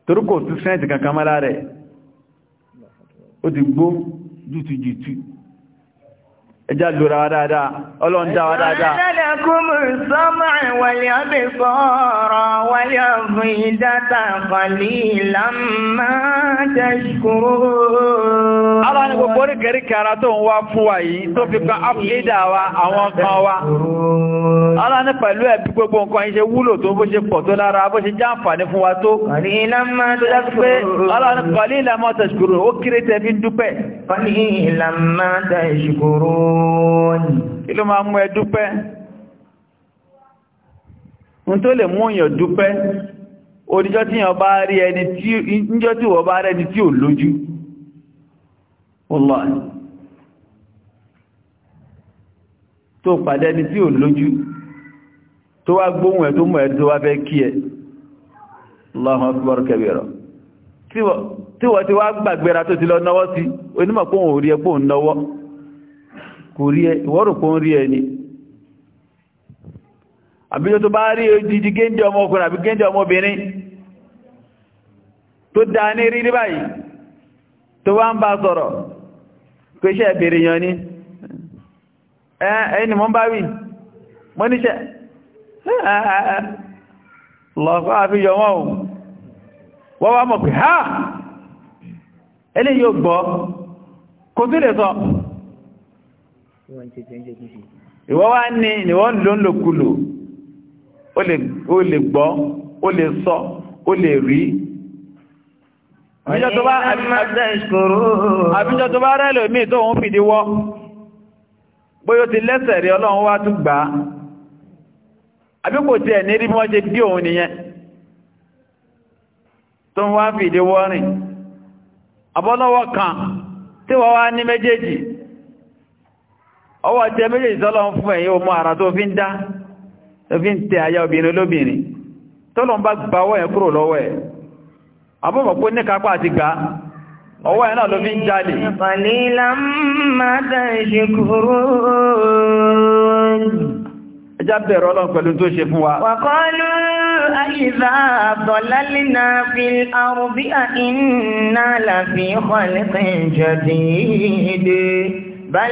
torúkò tún sẹ́ǹtì kankan mọ́lá rẹ̀ ó ti gbó jùtùjùtù ẹjá lura wa dáadáa ọlọ́run dá wa dáadáa. ẹ̀rọ kúmù sọ́mọ̀ wàlẹ̀ ọ̀bẹ̀ sọ́ọ̀rọ̀ Allah ni gbogbo oríkẹrí kẹra tó wa yìí tó fi wa àwọn kan wa. Allah ni pẹ̀lú ẹ̀bí gbogbo nǹkan yìí ṣe wúlò tó bó ṣe pọ̀ tó lára bó ṣe jáǹfààní fún wa tó. kọ̀lì ìlàmà tẹ́ṣkúrò. Kí ló máa mú ẹ dúpẹ́? tó lè mú èèyàn dúpẹ́, oníjọ́ tí èèyàn bá rí ẹni tí, níjọ́ tí wọ́n bá rí ẹni tí ò lójú. Wallahi. Tó pàdé tí ò lójú, tó wá gbóhùn ẹ̀ tó mọ̀ ẹ̀ tó wá fẹ́ kí ẹ. Allahu akbar kabira. Tí wọ́n ti wá tó ti lọ náwọ́ sí, onímọ̀ ẹ kò rí ẹ ìwọ́rùpọ̀ ń rí ẹ ni àbíjọ tó bá rí ojìdí géńdé ọmọkùnrin àbí géńdé ọmọbìnrin tó dá ní rí rí báyìí tó wá ń bá sọ̀rọ̀ pé iṣẹ́ ìbèrè yan ni ẹni mọ́ bá wì mọ́ níṣẹ́ lọ́kọ́ (laughs) àfihàn wọn wọ́n wá mọ̀ sọ ìwọ wá ní ìwọ ń lò ń lò kulò ó lè gbọ́ ó lè sọ ó lè rí àbíjọ́ tó bá rẹ̀ lòmí tó ń fìdí wọ́ bóyó ti lẹ́sẹ̀ rí ọlọ́run wá tún gbà á àbíkò tí ẹ̀ ní rí mọ́ ṣe bí òun nìyẹn tó ń wá fìdí wọ́ rìn àbọ́lọ́wọ́ kan tí wọ́n wá ní méjèèjì ọwọ́ tẹ méjì ìsọ́lọ́ fún ẹ̀yìn ọmọ ara tó fi ń dá tó fi ń tẹ àyà obìnrin olóbìnrin tọ́lọ ń bá gba ọwọ́ ẹ̀ kúrò lọ́wọ́ ẹ̀ àbúrò pé ní kápá àti gbà ọwọ́ ẹ̀ náà ló fi ń jáde ẹjá bẹ̀rẹ̀ ọlọ́run pẹ̀lú tó ṣe fún wa wàkọ́lù àìzà àbọ̀lálìnà fi àrùbí àìnà làfihàn lẹ́sẹ̀ ìjọdìí بل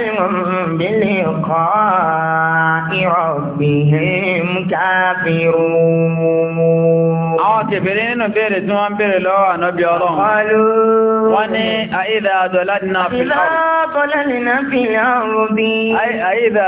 بلقاء ربهم كافرون àwọn nínú bèèrè tí wọ́n bèèrè lọ́wọ́ ànábí ọlọ́run wọ́n ní àìdà àdọ̀ládìna fìlà ọ̀rọ̀ bí àìdà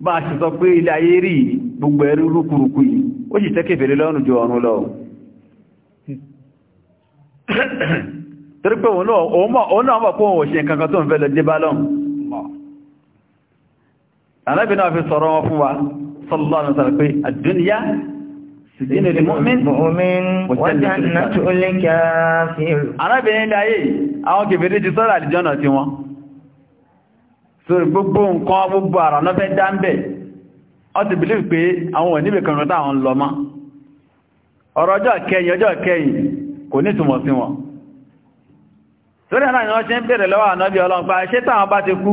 bá a ṣe sọ pé ilé ayé rí gbogbo ẹ̀rí rúkúrukú yìí ó sì tẹ́kẹ̀ fèrè lọ́rùn ju ọ̀run lọ (coughs) torí pé òun náà mọ̀ kóhùn òṣìṣẹ́ kankan tó ń fẹ́ lọ dé bá lọ́n Ànábì náà fi sọ̀rọ̀ wọn fún wa sallallahu alaihi wasallam pé ad-dunya sijinu lil mu'min wa jannatu lil kafir Ànábì ní ayé àwọn kèfèrí ti so gbogbo nǹkan gbogbo àrà lọ́fẹ́ dáńbẹ̀ ọ ti bìlì pé àwọn ò níbì kan rọ̀tà àwọn lọ mọ́ ọ̀rọ̀ ọjọ́ kẹyìn ọjọ́ kẹyìn kò ní túmọ̀ sí wọn torí àwọn ìrànṣẹ́ ń bèèrè lọ́wọ́ ànábì ọlọ́pàá ṣé táwọn bá ti kú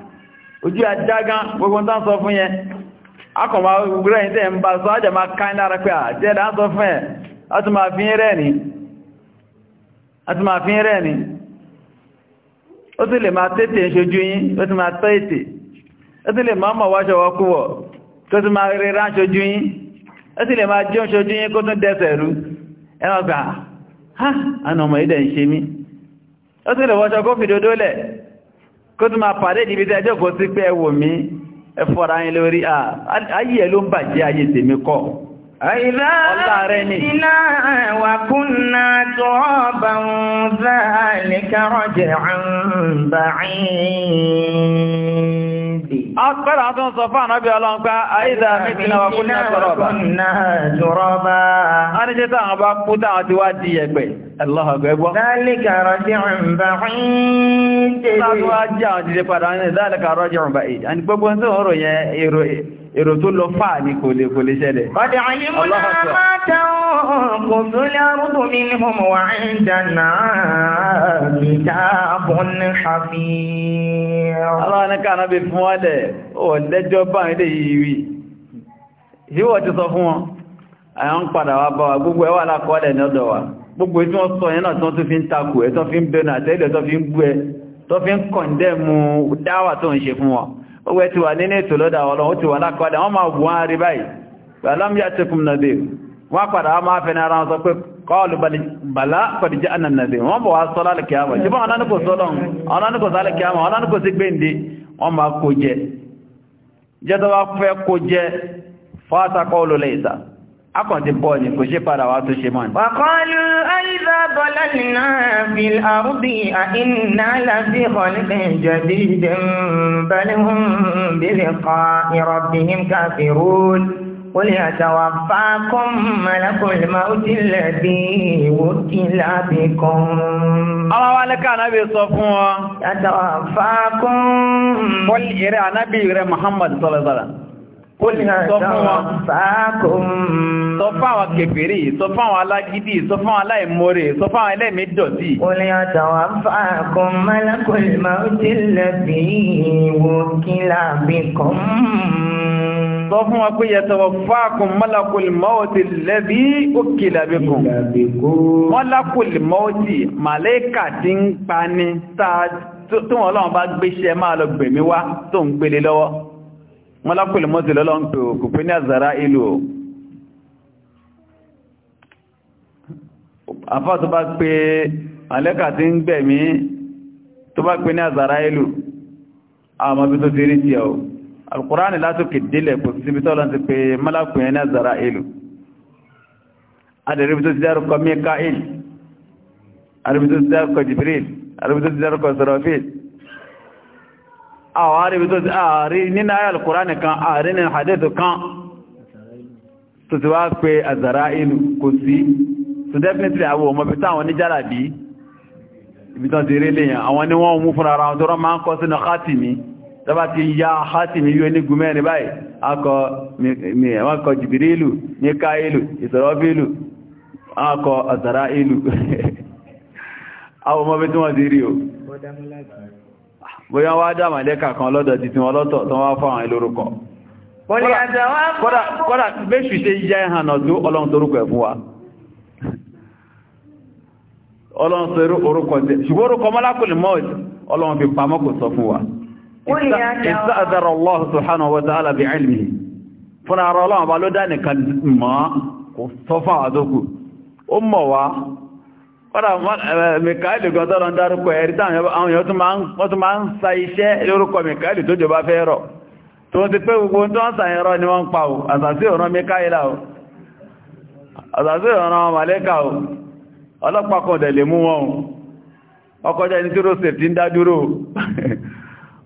ojú àjágán gbogbo tán sọ fún yẹn akọ̀mà rẹ̀ ìtẹ́ ń bá sọ ájẹ̀ máa ká lára pé àjẹ́dà sọ fún ẹ̀ láti máa fi rẹ̀ ní ó sì lè máa tètè ṣojú yín ó sì máa tètè ó sì lè máa mọ̀ wáṣọ wọ́kúwọ̀ tó sì máa ha àna ọmọ ìdẹ̀ ń ṣe mí ó kó tún máa pàdé ìdíbi tẹ́ ẹjọ́ kò sí pé ẹwò mi ẹfọ́ra yín lórí ayé ló ń bàjẹ́ ayé tèmi kọ́ ọlá rẹ̀ ni iná Akọ́lá tó ń sọ fún ànábí ọlọ́run pé àìdà mítìnà wà kú ní àtọrọba. A ní ṣe táwọn bá kú táwọn ti wá di ẹgbẹ̀. Ẹlọ́gbẹ̀ Dálíkà rọ́jì èrò tó lọ fáà ní kò lè kò lè ṣẹlẹ̀. ọdẹ àlìmúlá máa tẹ́wọ̀n kò tó lárúkú mi ní mọ̀mọ̀ wà ń dáná ìdáàbùn ní ṣàfi. aláàníkàná wa gbogbo ẹwà alákọọ́lẹ̀ wa gbogbo tí wọ́n sọ yẹn náà tí wọ́n tún fi ń takò ẹ̀ tó fi ń bẹnu àtẹ́lẹ̀ tó fi ń gbú ẹ tó fi ń kọ̀ndẹ́mù dáwà tó ń ṣe fún wọn owó ti wà nínú ètò lọ́dà ọlọ́run ti wà lákọ́dà wọ́n máa wù wọ́n rí báyìí alámúyà tí kùn nàdé wọ́n padà wọ́n máa fẹ́ ní ara wọn sọ pé kọ́ọ̀lù bàlá kọ̀díjá ànànàdé wọ́n bọ̀ wá sọ lálẹ́kẹ̀ẹ́mọ̀ ṣùgbọ́n ọ̀nánìkò sọ́lọ́run akọ̀dé pọ̀ ní kò ṣe padà wá tó ṣe mọ́ ní. wàkọ́lù àìzà bọ́lá nínú bí àrùbí àìnà láti ọ̀lẹ́kẹ̀ ìjọdí ìdẹ̀mbẹ̀lẹ́hùn bílẹ̀ kan ìrọ̀bìhìn káfírún قل يتوفاكم ó sì sọ fún wọn sọ fún àwọn kèfèrí sọ fún àwọn alágídí sọ fún àwọn aláìmoore sọ fún àwọn ẹlẹ́mìí dọ̀tí. olè àtàwọn afáàkùn mọ́lákùnrin máa ń tilẹ̀ bí ìwò kílà bí kan. sọ fún wọn pé yẹtọ̀wọ̀ fáàkùn mọ́lákùnrin lẹ́bí ó kílà màlẹ́kà ti ń pani tá tó wọn lọ́wọ́ bá gbéṣẹ́ máa lọ gbẹ̀mí wá tó ń gbélé lọ́wọ́ mọ́lákùlù mọ́tí lọ́lọ́ ń pè òkú pé ní àzàrá ìlú àfá tó bá pé àlẹ́kà tí ń gbẹ̀mí tó bá pé ní àzàrá ìlú àmọ́ bí tó ti rí tí ọ̀ alkùránì látòkè délẹ̀ kò síbi tọ́lọ́ ti pé mọ́lákùlù àwọn arìbí tó ti ààrí nínú ayà alkùrá nìkan ààrí nínú hadith kan tó ti wá pé àzàrá inú kò sí so definitely àwọn ọmọbí táwọn níjára bí ibi tán ti rí lèyàn àwọn ni wọ́n mú fúnra ara wọn tó rán máa ń kọ́ sínú khatimi tọba ti ya hátìmí yóò ní gúnmẹ́rin báyìí akọ wọ́n kọ jìbìrìlù níká ìlú ìsọ̀rọ̀bìlù akọ àzàrá ìlú àwọn ọmọ bóyá wá dá màlẹ́kà kan lọ́dọ̀ ti tiwọn lọ́tọ̀ tó wá fáwọn ilórúkọ kọ́dà méṣù ṣe jẹ́ ìhànà tó ọlọ́run torúkọ ẹ̀ fún wa ọlọ́run torú orúkọ tẹ́ ṣùgbọ́n orúkọ mọ́lákùnlé mọ́ọ̀tì ọlọ́run fi pamọ́ kò sọ fún wa ìsáàdára Allah subhanahu mọ́ kọ́ra mikaeli gọ́tọ́rọ ń dárúkọ ẹ̀rí táwọn èèyàn tún máa ń sa iṣẹ́ lórúkọ mikaeli tó jọba fẹ́ rọ̀ tó ti pé gbogbo tó ń sàyìn rọ ni wọ́n pa ò àsàsí òran mikaela ò àsàsí òran malẹ́ka ò ọlọ́pàá kan dẹ̀ lè mú wọn ò ọkọjá ní tí rọ́sẹ̀ ti ń dá (laughs)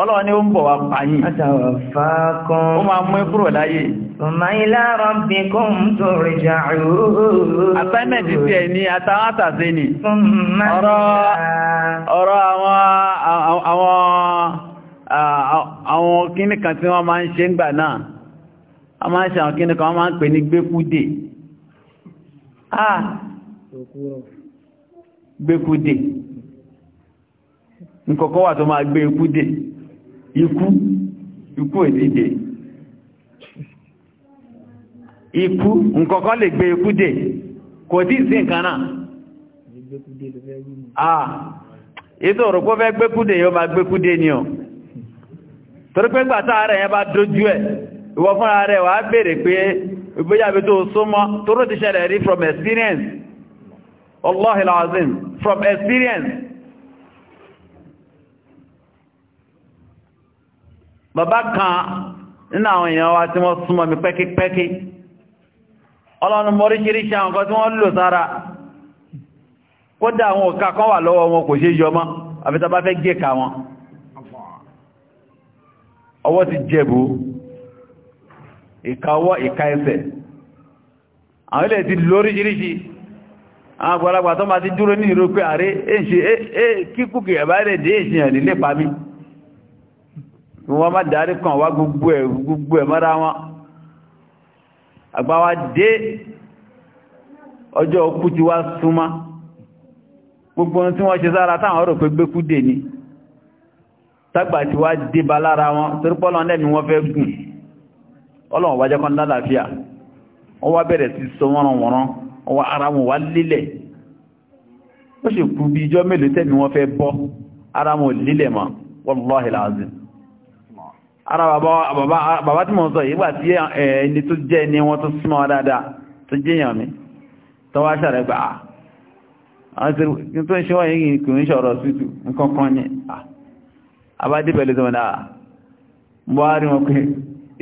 ọlọ́wọ́ ni ó ń bọ̀ wá pàyí ó máa mú kúrò láyé ọmọlára bí kó ni ọ̀rọ̀ àwọn kíní kan tí wọ́n máa ń ṣe ńgbà náà a máa ń ṣe àwọn kíní kan wọ́n máa ń pè ní gbékúdè gbékúdè nkọ̀kọ́ wà tó máa gbé ikú ikú ìdíje ikú nkankan lè gbé ikú dè kò tí sí nǹkan náà ah ètò òrùn kó fẹ́ gbékúdé yóò máa gbékúdé ni ọ̀ torí pé gbàtà rẹ̀ yẹn bá dojú ẹ̀ ìwọ fúnra rẹ̀ wà á bèèrè pé ìgbéyàwó tó súnmọ́ tóró ti ṣẹlẹ̀ rí from experience allah Azim from experience bàbá kan nínú àwọn èèyàn wa tí wọ́n súnmọ́ mi pẹ́kípẹ́kí ọlọ́run mọ́ríṣiríṣi àwọn kan tí wọ́n lò sára kódà àwọn òkà kan wà lọ́wọ́ wọn kò ṣe yọ mọ́ àfi bá fẹ́ gé ka wọn ọwọ́ ti jẹ̀bù ìkawọ́ ìka ẹsẹ̀ àwọn ilẹ̀ ti àwọn tó máa ti dúró ní ẹ̀bá dé èṣìyàn nílé pa wọ́n má darí kan wá gbogbo ẹ̀ gbogbo ẹ̀ mọ́ra wọn àgbáwá dé ọjọ́ ọkú ti wá súnmá gbogbo ohun tí wọ́n ṣe sára táwọn ọ̀rọ̀ pé gbékú dè ní tágbà tí wá dé bá lára wọn torípọ́lọ́ lẹ́nu wọ́n fẹ́ gùn ọlọ́wọ̀n wájẹ́ kan lálàáfíà wọ́n wá bẹ̀rẹ̀ sí sọ wọ́nranwọ̀nran wọ́n ara wọn wá lílẹ̀ ó ṣe kú bí ijọ́ mélòó tẹ́mi wọ́n fẹ́ bọ́ ara wọn lílẹ̀ mọ́ wallahi alazim ara bàbá tí mọ̀ sọ ìgbà tí ẹni tó jẹ́ ní wọn tó súnmọ́ dáadáa tó jẹ́yàn mi tó wá ṣàrẹ̀ gbà ah, àwọn tí tó ń ṣe wọ́n yìí kò ń ṣọ̀rọ̀ sútù nǹkankan ah, ní àbádé pẹ̀lú tọ́mọ̀dá mọ́ rí wọn pé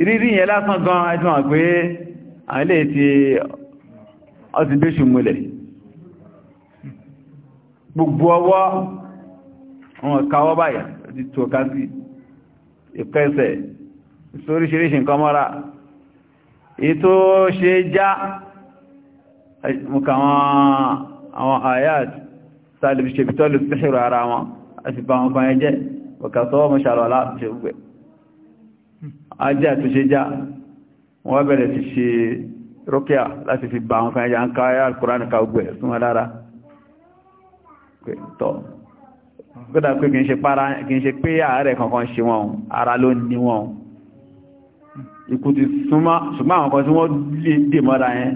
ìrírí yẹn lásán gan ẹjọ́ pé àwọn ilé ti ọtí bíṣù múlẹ̀ gbogbo ọwọ́ wọn káwọ́ báyà ti tò ká sí ìpẹsẹ̀ ìsoríṣiríṣi nǹkan mọ́ra ètò ṣe já mùkà àwọn ayat sálìbì ṣebítọ́lù síhìrò ara wọn àti bá wọn kan ẹjẹ́ ọ̀kàtọ́ ọmọ ṣàrọ̀ aláàtúnṣe gbẹ̀ ajé àtúnṣe já wọ́n bẹ̀rẹ̀ ti ṣe rókíà láti fi bá wọn kan ẹjẹ́ ń ká kódà pé kì í ṣe pé àárẹ̀ kankan ṣe wọn ara ló ní wọn ikú ti súnmọ́ ṣùgbọ́n àwọn kan tí wọ́n lè dè mọ́ra yẹn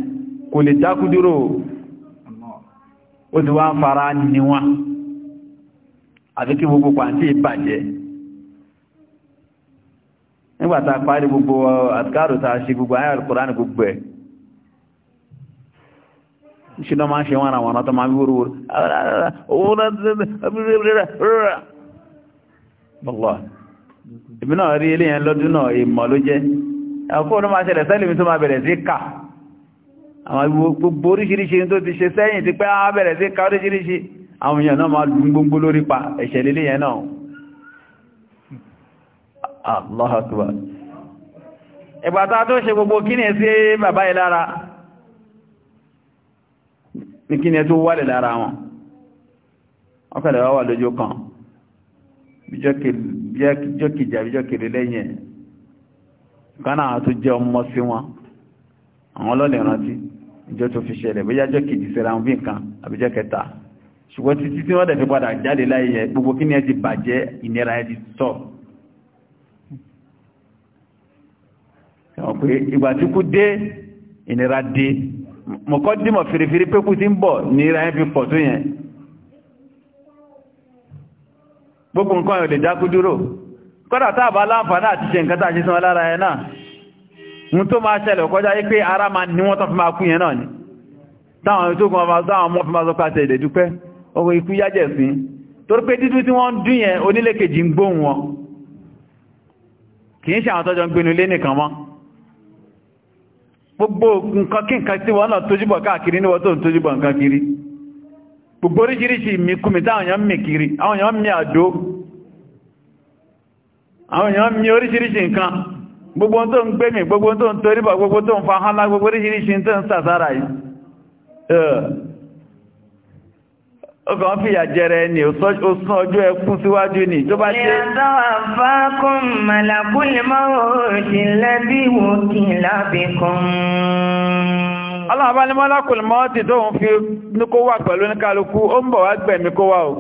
kò lè dákú dúró ó ti wá ń fara ní wọn àti kí gbogbo pàǹtí ìbàjẹ́ nígbàtà parí gbogbo àtikárò ta ṣe gbogbo ayé alukùránì gbogbo ẹ̀ ṣíná máa ń ṣe wọ́n àwọn ọ̀nà tó máa ń wúrú wúrú ìbí náà rí ilé yẹn lọ́dún náà ìmọ̀ ló jẹ́ ẹ̀kọ́ ló máa ṣẹlẹ̀ sẹ́lẹ̀mí tó máa bẹ̀rẹ̀ sí kà àwọn gbogbo oríṣiríṣi tó ti ṣe sẹ́yìn ti pẹ́ ní kí ni ẹ tó wálẹ̀ lára wọn ọkàlẹ̀ wá wà lójú kan bíjọ́ kìjà bíjọ́ kìrì lẹ́yìn ẹ̀ kánà àwọn tó jẹ́ ọmọ sí wọn àwọn ọlọ́lẹ̀ rántí ìjọ tó fi ṣẹlẹ̀ bóyá jọ́ kìjì sẹ́ra wọn bí nǹkan àbíjọ́ kẹta ṣùgbọ́n títí tí wọ́n dẹ̀ fi padà jáde láyé ẹ mọ̀kọ́ dìmọ̀ fìrìfìrí pékú tí ń bọ̀ ní ìrà ẹ́ fi pọ̀ tó yẹn gbogbo nǹkan ẹ̀ lè dákú dúró kọ́dà tá bá láǹfààní àti ṣe nǹkan tá ṣe sán lára ẹ náà mú tó máa ṣẹlẹ̀ kọjá yí pé ara ma ní wọ́n tó fi máa kú yẹn náà ni táwọn gbogbo nǹkan kí nǹkan tí wọ́n náà tójúbọ̀ káàkiri níwọ́ tó ń tójúbọ̀ nǹkan kiri gbogbo oríṣiríṣi ìmìkúmi táwọn èèyàn kiri àwọn èèyàn mì àdó àwọn èèyàn mì oríṣiríṣi nǹkan gbogbo tó ń gbẹ́mì gbogbo tó ń toríbọ̀ gbogbo tó ń fa hánlá gbogbo oríṣiríṣi tó ń sàsára yìí ọkàn fìyà jẹrẹ ni ó sún ọjọ́ ẹkún síwájú ni tó bá jẹ́ ìrìnàfáàkùn màlàkúlẹ̀mọ́ òjìlẹ́bí wò kí lábẹ́kùn aláàbánímọ́lákùlẹ̀mọ́ ti tó ń fi ní kó wà pẹ̀lú ní kálukú ó ń bọ̀ wá gbẹ̀mí kó wà o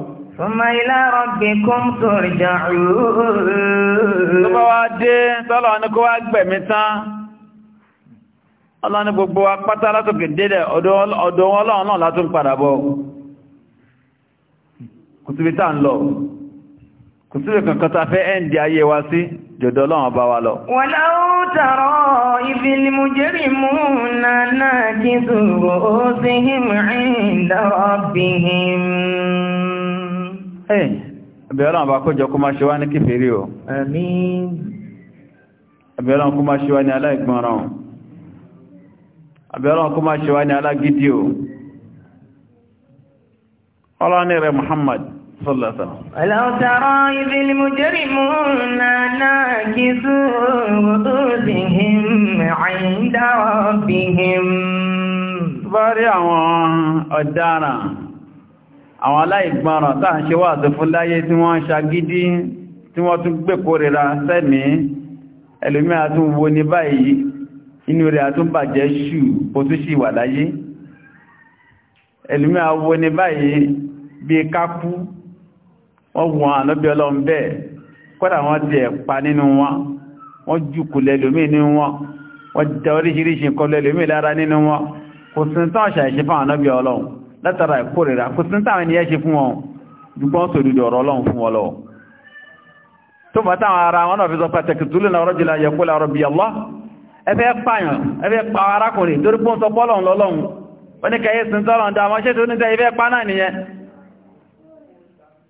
Ọmọ ilá rabbikum Tó bá kùsùbí tá ń lọ kùsùbí kankan ta fẹ́ ẹ́ndì ayé wa sí jọ̀dọ̀ ọlọ́run bá wa lọ walau tara idhil mujrimuna nakisu ru'usihim 'inda rabbihim ẹ̀bẹ̀ ọlọ́run bá kójọ kó máa rẹ̀ Muhammad صلى الله عليه وسلم ألو ترى إذ المجرمون ناكسوا رؤوسهم عند ربهم bari àwọn ọ̀daràn àwọn aláìgbọ́nràn táà ń ṣe wà tó fún láyé tí wọ́n ń ṣagídí tí wọ́n tún gbèkó rira sẹ́mí ẹlòmí àtún ní báyìí inú rẹ̀ àtún ṣù kò tún sì wà láyé ẹlòmí àwọ ní báyìí bí kákú ọgbọ̀n ànábí ọlọ́run bẹ́ẹ̀ kọ́dà wọ́n ti ẹ̀pa nínú wọn wọ́n jùkù lẹ́lòmí nínú wọn wọ́n jẹ́ oríṣiríṣi nǹkan lẹ́lòmí lára nínú wọn kò sí tán àṣà ìṣe fún ànábí ọlọ́run látara ìkórìíra kò sí táwọn ènìyàn ṣe fún wọn dùgbọ́n sòdùdù ọ̀rọ̀ ọlọ́run fún wọn lọ tó bá táwọn ara wọn náà fi sọ pàtàkì túlù náà rọ́jìlá yẹkú lárọ́ bí ọlọ́ ẹfẹ́ pààyàn ẹfẹ́ pa arákùnrin torí pọ́n sọ pọ́lọ́run lọ́lọ́run oníkẹyẹ sí tọ́lọ́run dáa mọ́ ṣètò oníta ìfẹ́ pa náà nìyẹn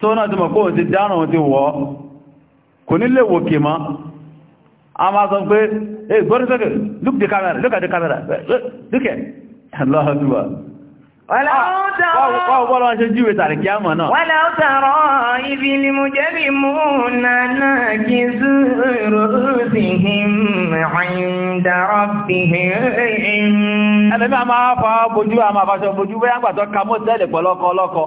tó náà ti mọ̀ pé òun ti dáràn ti wọ́ kò ní lè wò kì mọ́ a máa sọ pé hey gbọ́rọ̀ sókè look the camera look at the camera look at Allah Akbar Wọ́n ah, bọ́lọ́ ṣe jíwe tàrí kí á mọ̀ náà. Wọ́n láó tààrọ ibi ni mo jẹ́ bí mú nànà kí zúrò sí him ìdárọ̀ bí him. Ẹlẹ́mí a máa fa bojú, a máa fa ṣọ bojú, bẹ́yà gbàtọ́ ka mọ́ tẹ́lẹ̀ pọ̀lọ́kọ́ ọlọ́kọ́.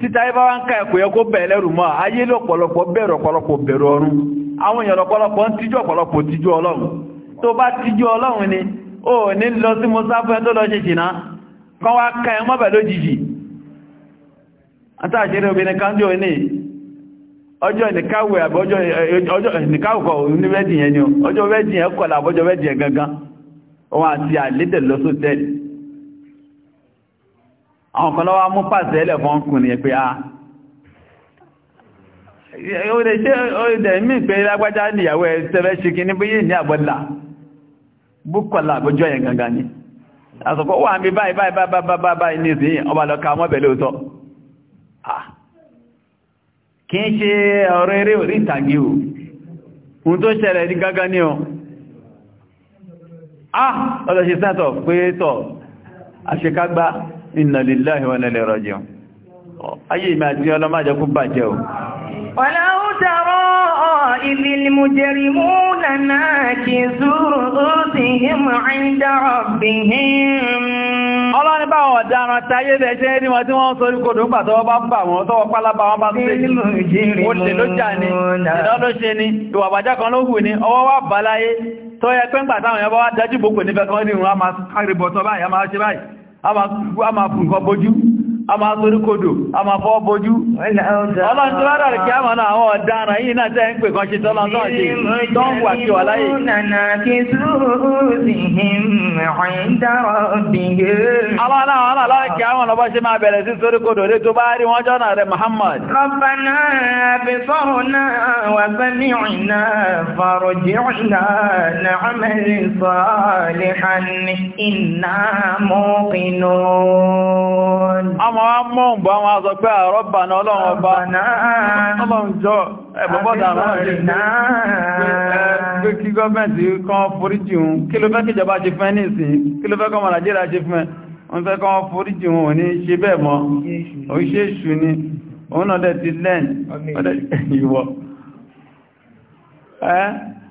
títa ibá wá ń ká ẹ̀kọ́ yẹ kó bẹ̀rẹ̀ lẹ́rù mọ́ ayé lọ́pọ̀lọpọ̀ bẹ̀rù ọ̀pọ̀lọpọ̀ bẹ̀rù ọ̀run àwọn èèyàn ọ̀pọ̀lọpọ̀ ń tíjú ọ̀pọ̀lọpọ̀ tíjú ọlọ́run tó bá tíjú ọlọ́run ni ó ní lọ sí mọ́sáfẹ́ tó lọ kan wá ká ẹ mọ́bẹ̀ lójijì àtàṣírí ni àwọn kan lọ́wọ́ mú pàṣẹ ẹlẹ̀ fún ọkùnrin pé a ah. ó lè ṣe ọdẹ̀ mí pé lágbájá níyàwó ẹ tẹ́fẹ́ ṣe kí ní bí yìí ní àgbọ́lá búkọ̀lá àgbójọ́ yẹn gangan ni àsọ̀kọ́ wà ń bí báyìí báyìí báyìí báyìí ní ìsìn ọba lọ́ka mọ́bẹ̀ lóòtọ́ ah. kí ń ṣe ọ̀rọ̀ eré orí ìtàgé o ohun tó ṣẹlẹ̀ ah, àṣekágbá inna lillahi wa inna ilayhi raji'un ayé ìmẹ́ àti ọlọ́májẹ́ kú bàjẹ́ o walau tara idhil mujrimuna nakisu ru'usihim 'inda rabbihim ọlọ́ni bá wọn ọ̀daràn táyé bẹ̀ ṣe rí wọn tí wọ́n sọ orí kodò ńgbà bá ń bà wọn tọwọ́ pálábà wọn bá ń pè olè ló jà ní ìdá ló ṣe ni ìwàbàjá kan ló hù ní ọwọ́ wà bá láyé tó yẹ pé ńgbà táwọn yẹn bá wá dájú gbogbo nífẹ̀ẹ́ kan rí wọn a máa kárìbọ̀ tọ́ báyìí a máa ṣe báyìí a máa fún nǹkan bójú a máa torí kodò a máa fọ́ bojú ọlọ́run àwọn máa mọ́ ǹbọ̀ àwọn aṣọ pé àrọ́bà ah, náà ọlọ́run ọba ọlọ́run jọ ẹ̀bọ̀bọ̀dà pé kí gọ́ọ̀mẹ́ntì kan foríjì hun kí ló fẹ́ kí ṣe fẹ́ ní ìsìn kí ló fẹ́ kọ́ mọ̀ ṣe fẹ́ wọ́n fẹ́ kọ́ foríjì hun ò ní ṣe bẹ́ẹ̀ mọ́ oṣèṣù (laughs)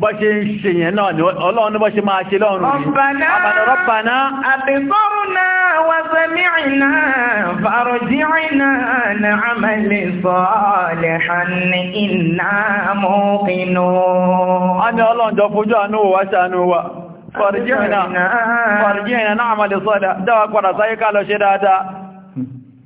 bọ́ ṣe ń ṣe yẹn náà ni ọlọ́run ní bọ́ ṣe máa ṣe lọ́rùn rí àbàdà rọ́bàná àbẹ̀kọ́rùnà wàzẹ̀mìrìnà fàrọ̀jìrìnà na àmàlẹ̀ sọ́ọ̀lẹ̀ hàní iná mọ́kínú a ní ọlọ́run jọ fojú àánú wa ṣàánú wa fàrọ̀jìrìnà náà àmàlẹ̀ sọ́ọ̀lẹ̀ dáwà padà sáyé ká lọ ṣe dáadáa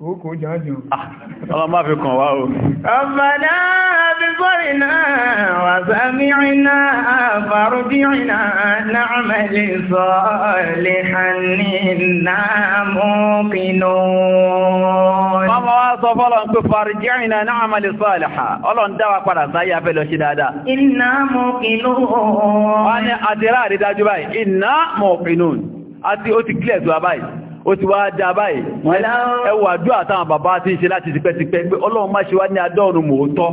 kòókò jàájò ah, ọlọ́mà fi kàn wá o ọ̀bàdá bíbọ̀rìnà wàsàmìrìnà àfàrúdìrìnà náàmàlì sọ́ọ̀lẹ̀ hànínà mọ́kínú Mọ́mọ́ wá sọ fọ́lọ̀ ń pè fàrìjìrìnà náàmàlì sọ́ọ̀lẹ̀ ha, ọlọ́n dáwà padà sáyé afẹ́ lọ sí dáadáa. Iná mọ́kínú ó ti wá dá báyìí ẹwọ àdúrà táwọn bàbá ti ń ṣe láti tipẹ́tipẹ́ pé ọlọ́run má ṣe wá ní adọ́run mòótọ́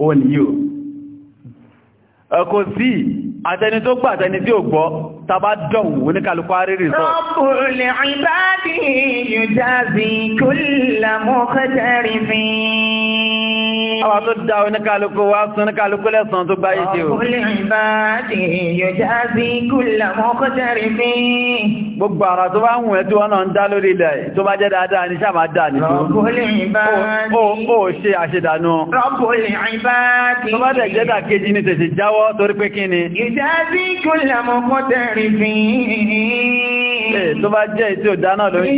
òun yìí ẹ̀kọ́ sí àtẹni tó gbà àtẹni tí ò gbọ́ tàbá dọ̀wù oníkàlùkù àrírí sọ. Rabbul ibadi Àwọn tó dá oníkàlùkù wá sún oníkàlùkù lẹ́sàn tó bá yìí o. Ọkùnrin ìbáàdì yóò fi. Gbogbo ara tó bá wùn ẹ́ tí wọ́n náà ń dá lórí ilẹ̀ tó bá jẹ́ dáadáa ní sáà máa dà ní tó. Ọkùnrin ṣe àṣedànú. Tó bá dẹ̀ jẹ́ dàkejì ní tètè jáwọ́ torí pé kí ni. fi. Tó bá jẹ́ ìtí òdá náà ló ń ṣe.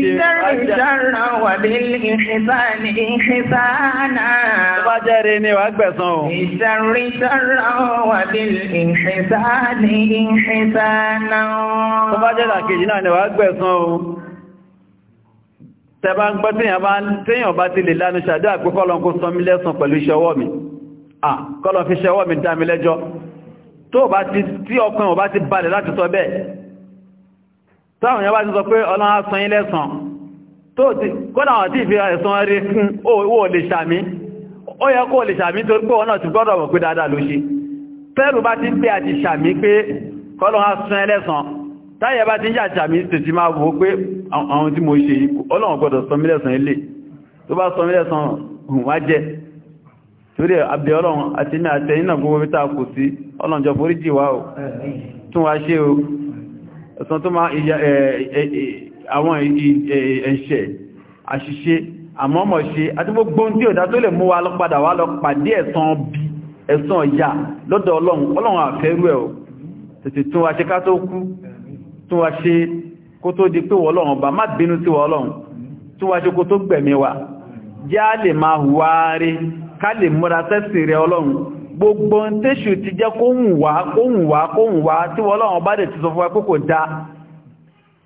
Ìṣẹ́rù bá jẹ́rẹ ní wà gbẹ̀sán o. ìṣẹ̀rìṣẹ̀rọ̀ wà bí ìṣẹ̀sá ní ìṣẹ̀sá náà. tó bá jẹ́ làkejì náà ni wà gbẹ̀sán o tẹba ń gbọ́ tíyàn bá ti lè lánú ṣàdé àpé kọ́lọ̀n kó sọmí lẹ́sùn pẹ̀lú iṣẹ́wọ́ mi à kọ́lọ̀n fi ṣẹwọ́ mi dámi lẹ́jọ́ tí ọkùn ọba ti balẹ̀ láti sọ bẹ́ẹ̀ táwọn yẹn bá ti sọ pé ọlọ́run á sọ yín lẹ́sùn tó kọ́lọ̀n àti ìfẹ́ ẹ̀sùn rí fún owó lè ṣàmí ó yẹ kó lè sàmí torí pé ọ̀nà ti gbọ́dọ̀ mọ̀ pé dáadáa ló ṣe tẹ́rù bá ti ń pé àti sàmí pé kọ́lọ̀ á sún ẹlẹ́sàn táyẹ̀ bá ti ń yà sàmí tètè máa wò pé àwọn tí mo ṣe ọlọ́run gbọ́dọ̀ sọ mí lẹ́sàn ilé tó bá sọ mí lẹ́sàn hùn wá jẹ́ torí àbẹ̀ ọlọ́run àti ní àtẹ̀yìn náà gbogbo mítà kò sí ọlọ́run jọ foríjì wá o tún wá ṣe o ẹ̀sàn tó máa àwọn ẹ̀ṣẹ̀ àṣìṣe àmọ́mọ̀ ṣe àti gbogbo tí ò dá tó lè mú wa lọ padà wá lọ pàdé ẹ̀san bí ẹ̀san ọ̀yà lọ́dọ̀ ọlọ́run ọlọ́run àfẹ́rú ẹ̀ tètè tún wa ṣe ká tó kú tún wa ṣe kó tó di pé wọ́lọ́run ọba má bínú sí wa ọlọ́run tún wa ṣe kó tó gbẹ̀mí wa já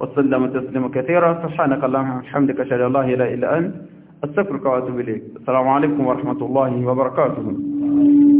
وسلم تسليما كثيرا سبحانك اللهم وبحمدك اشهد ان لا اله الا انت استغفرك واتوب اليك السلام عليكم ورحمه الله وبركاته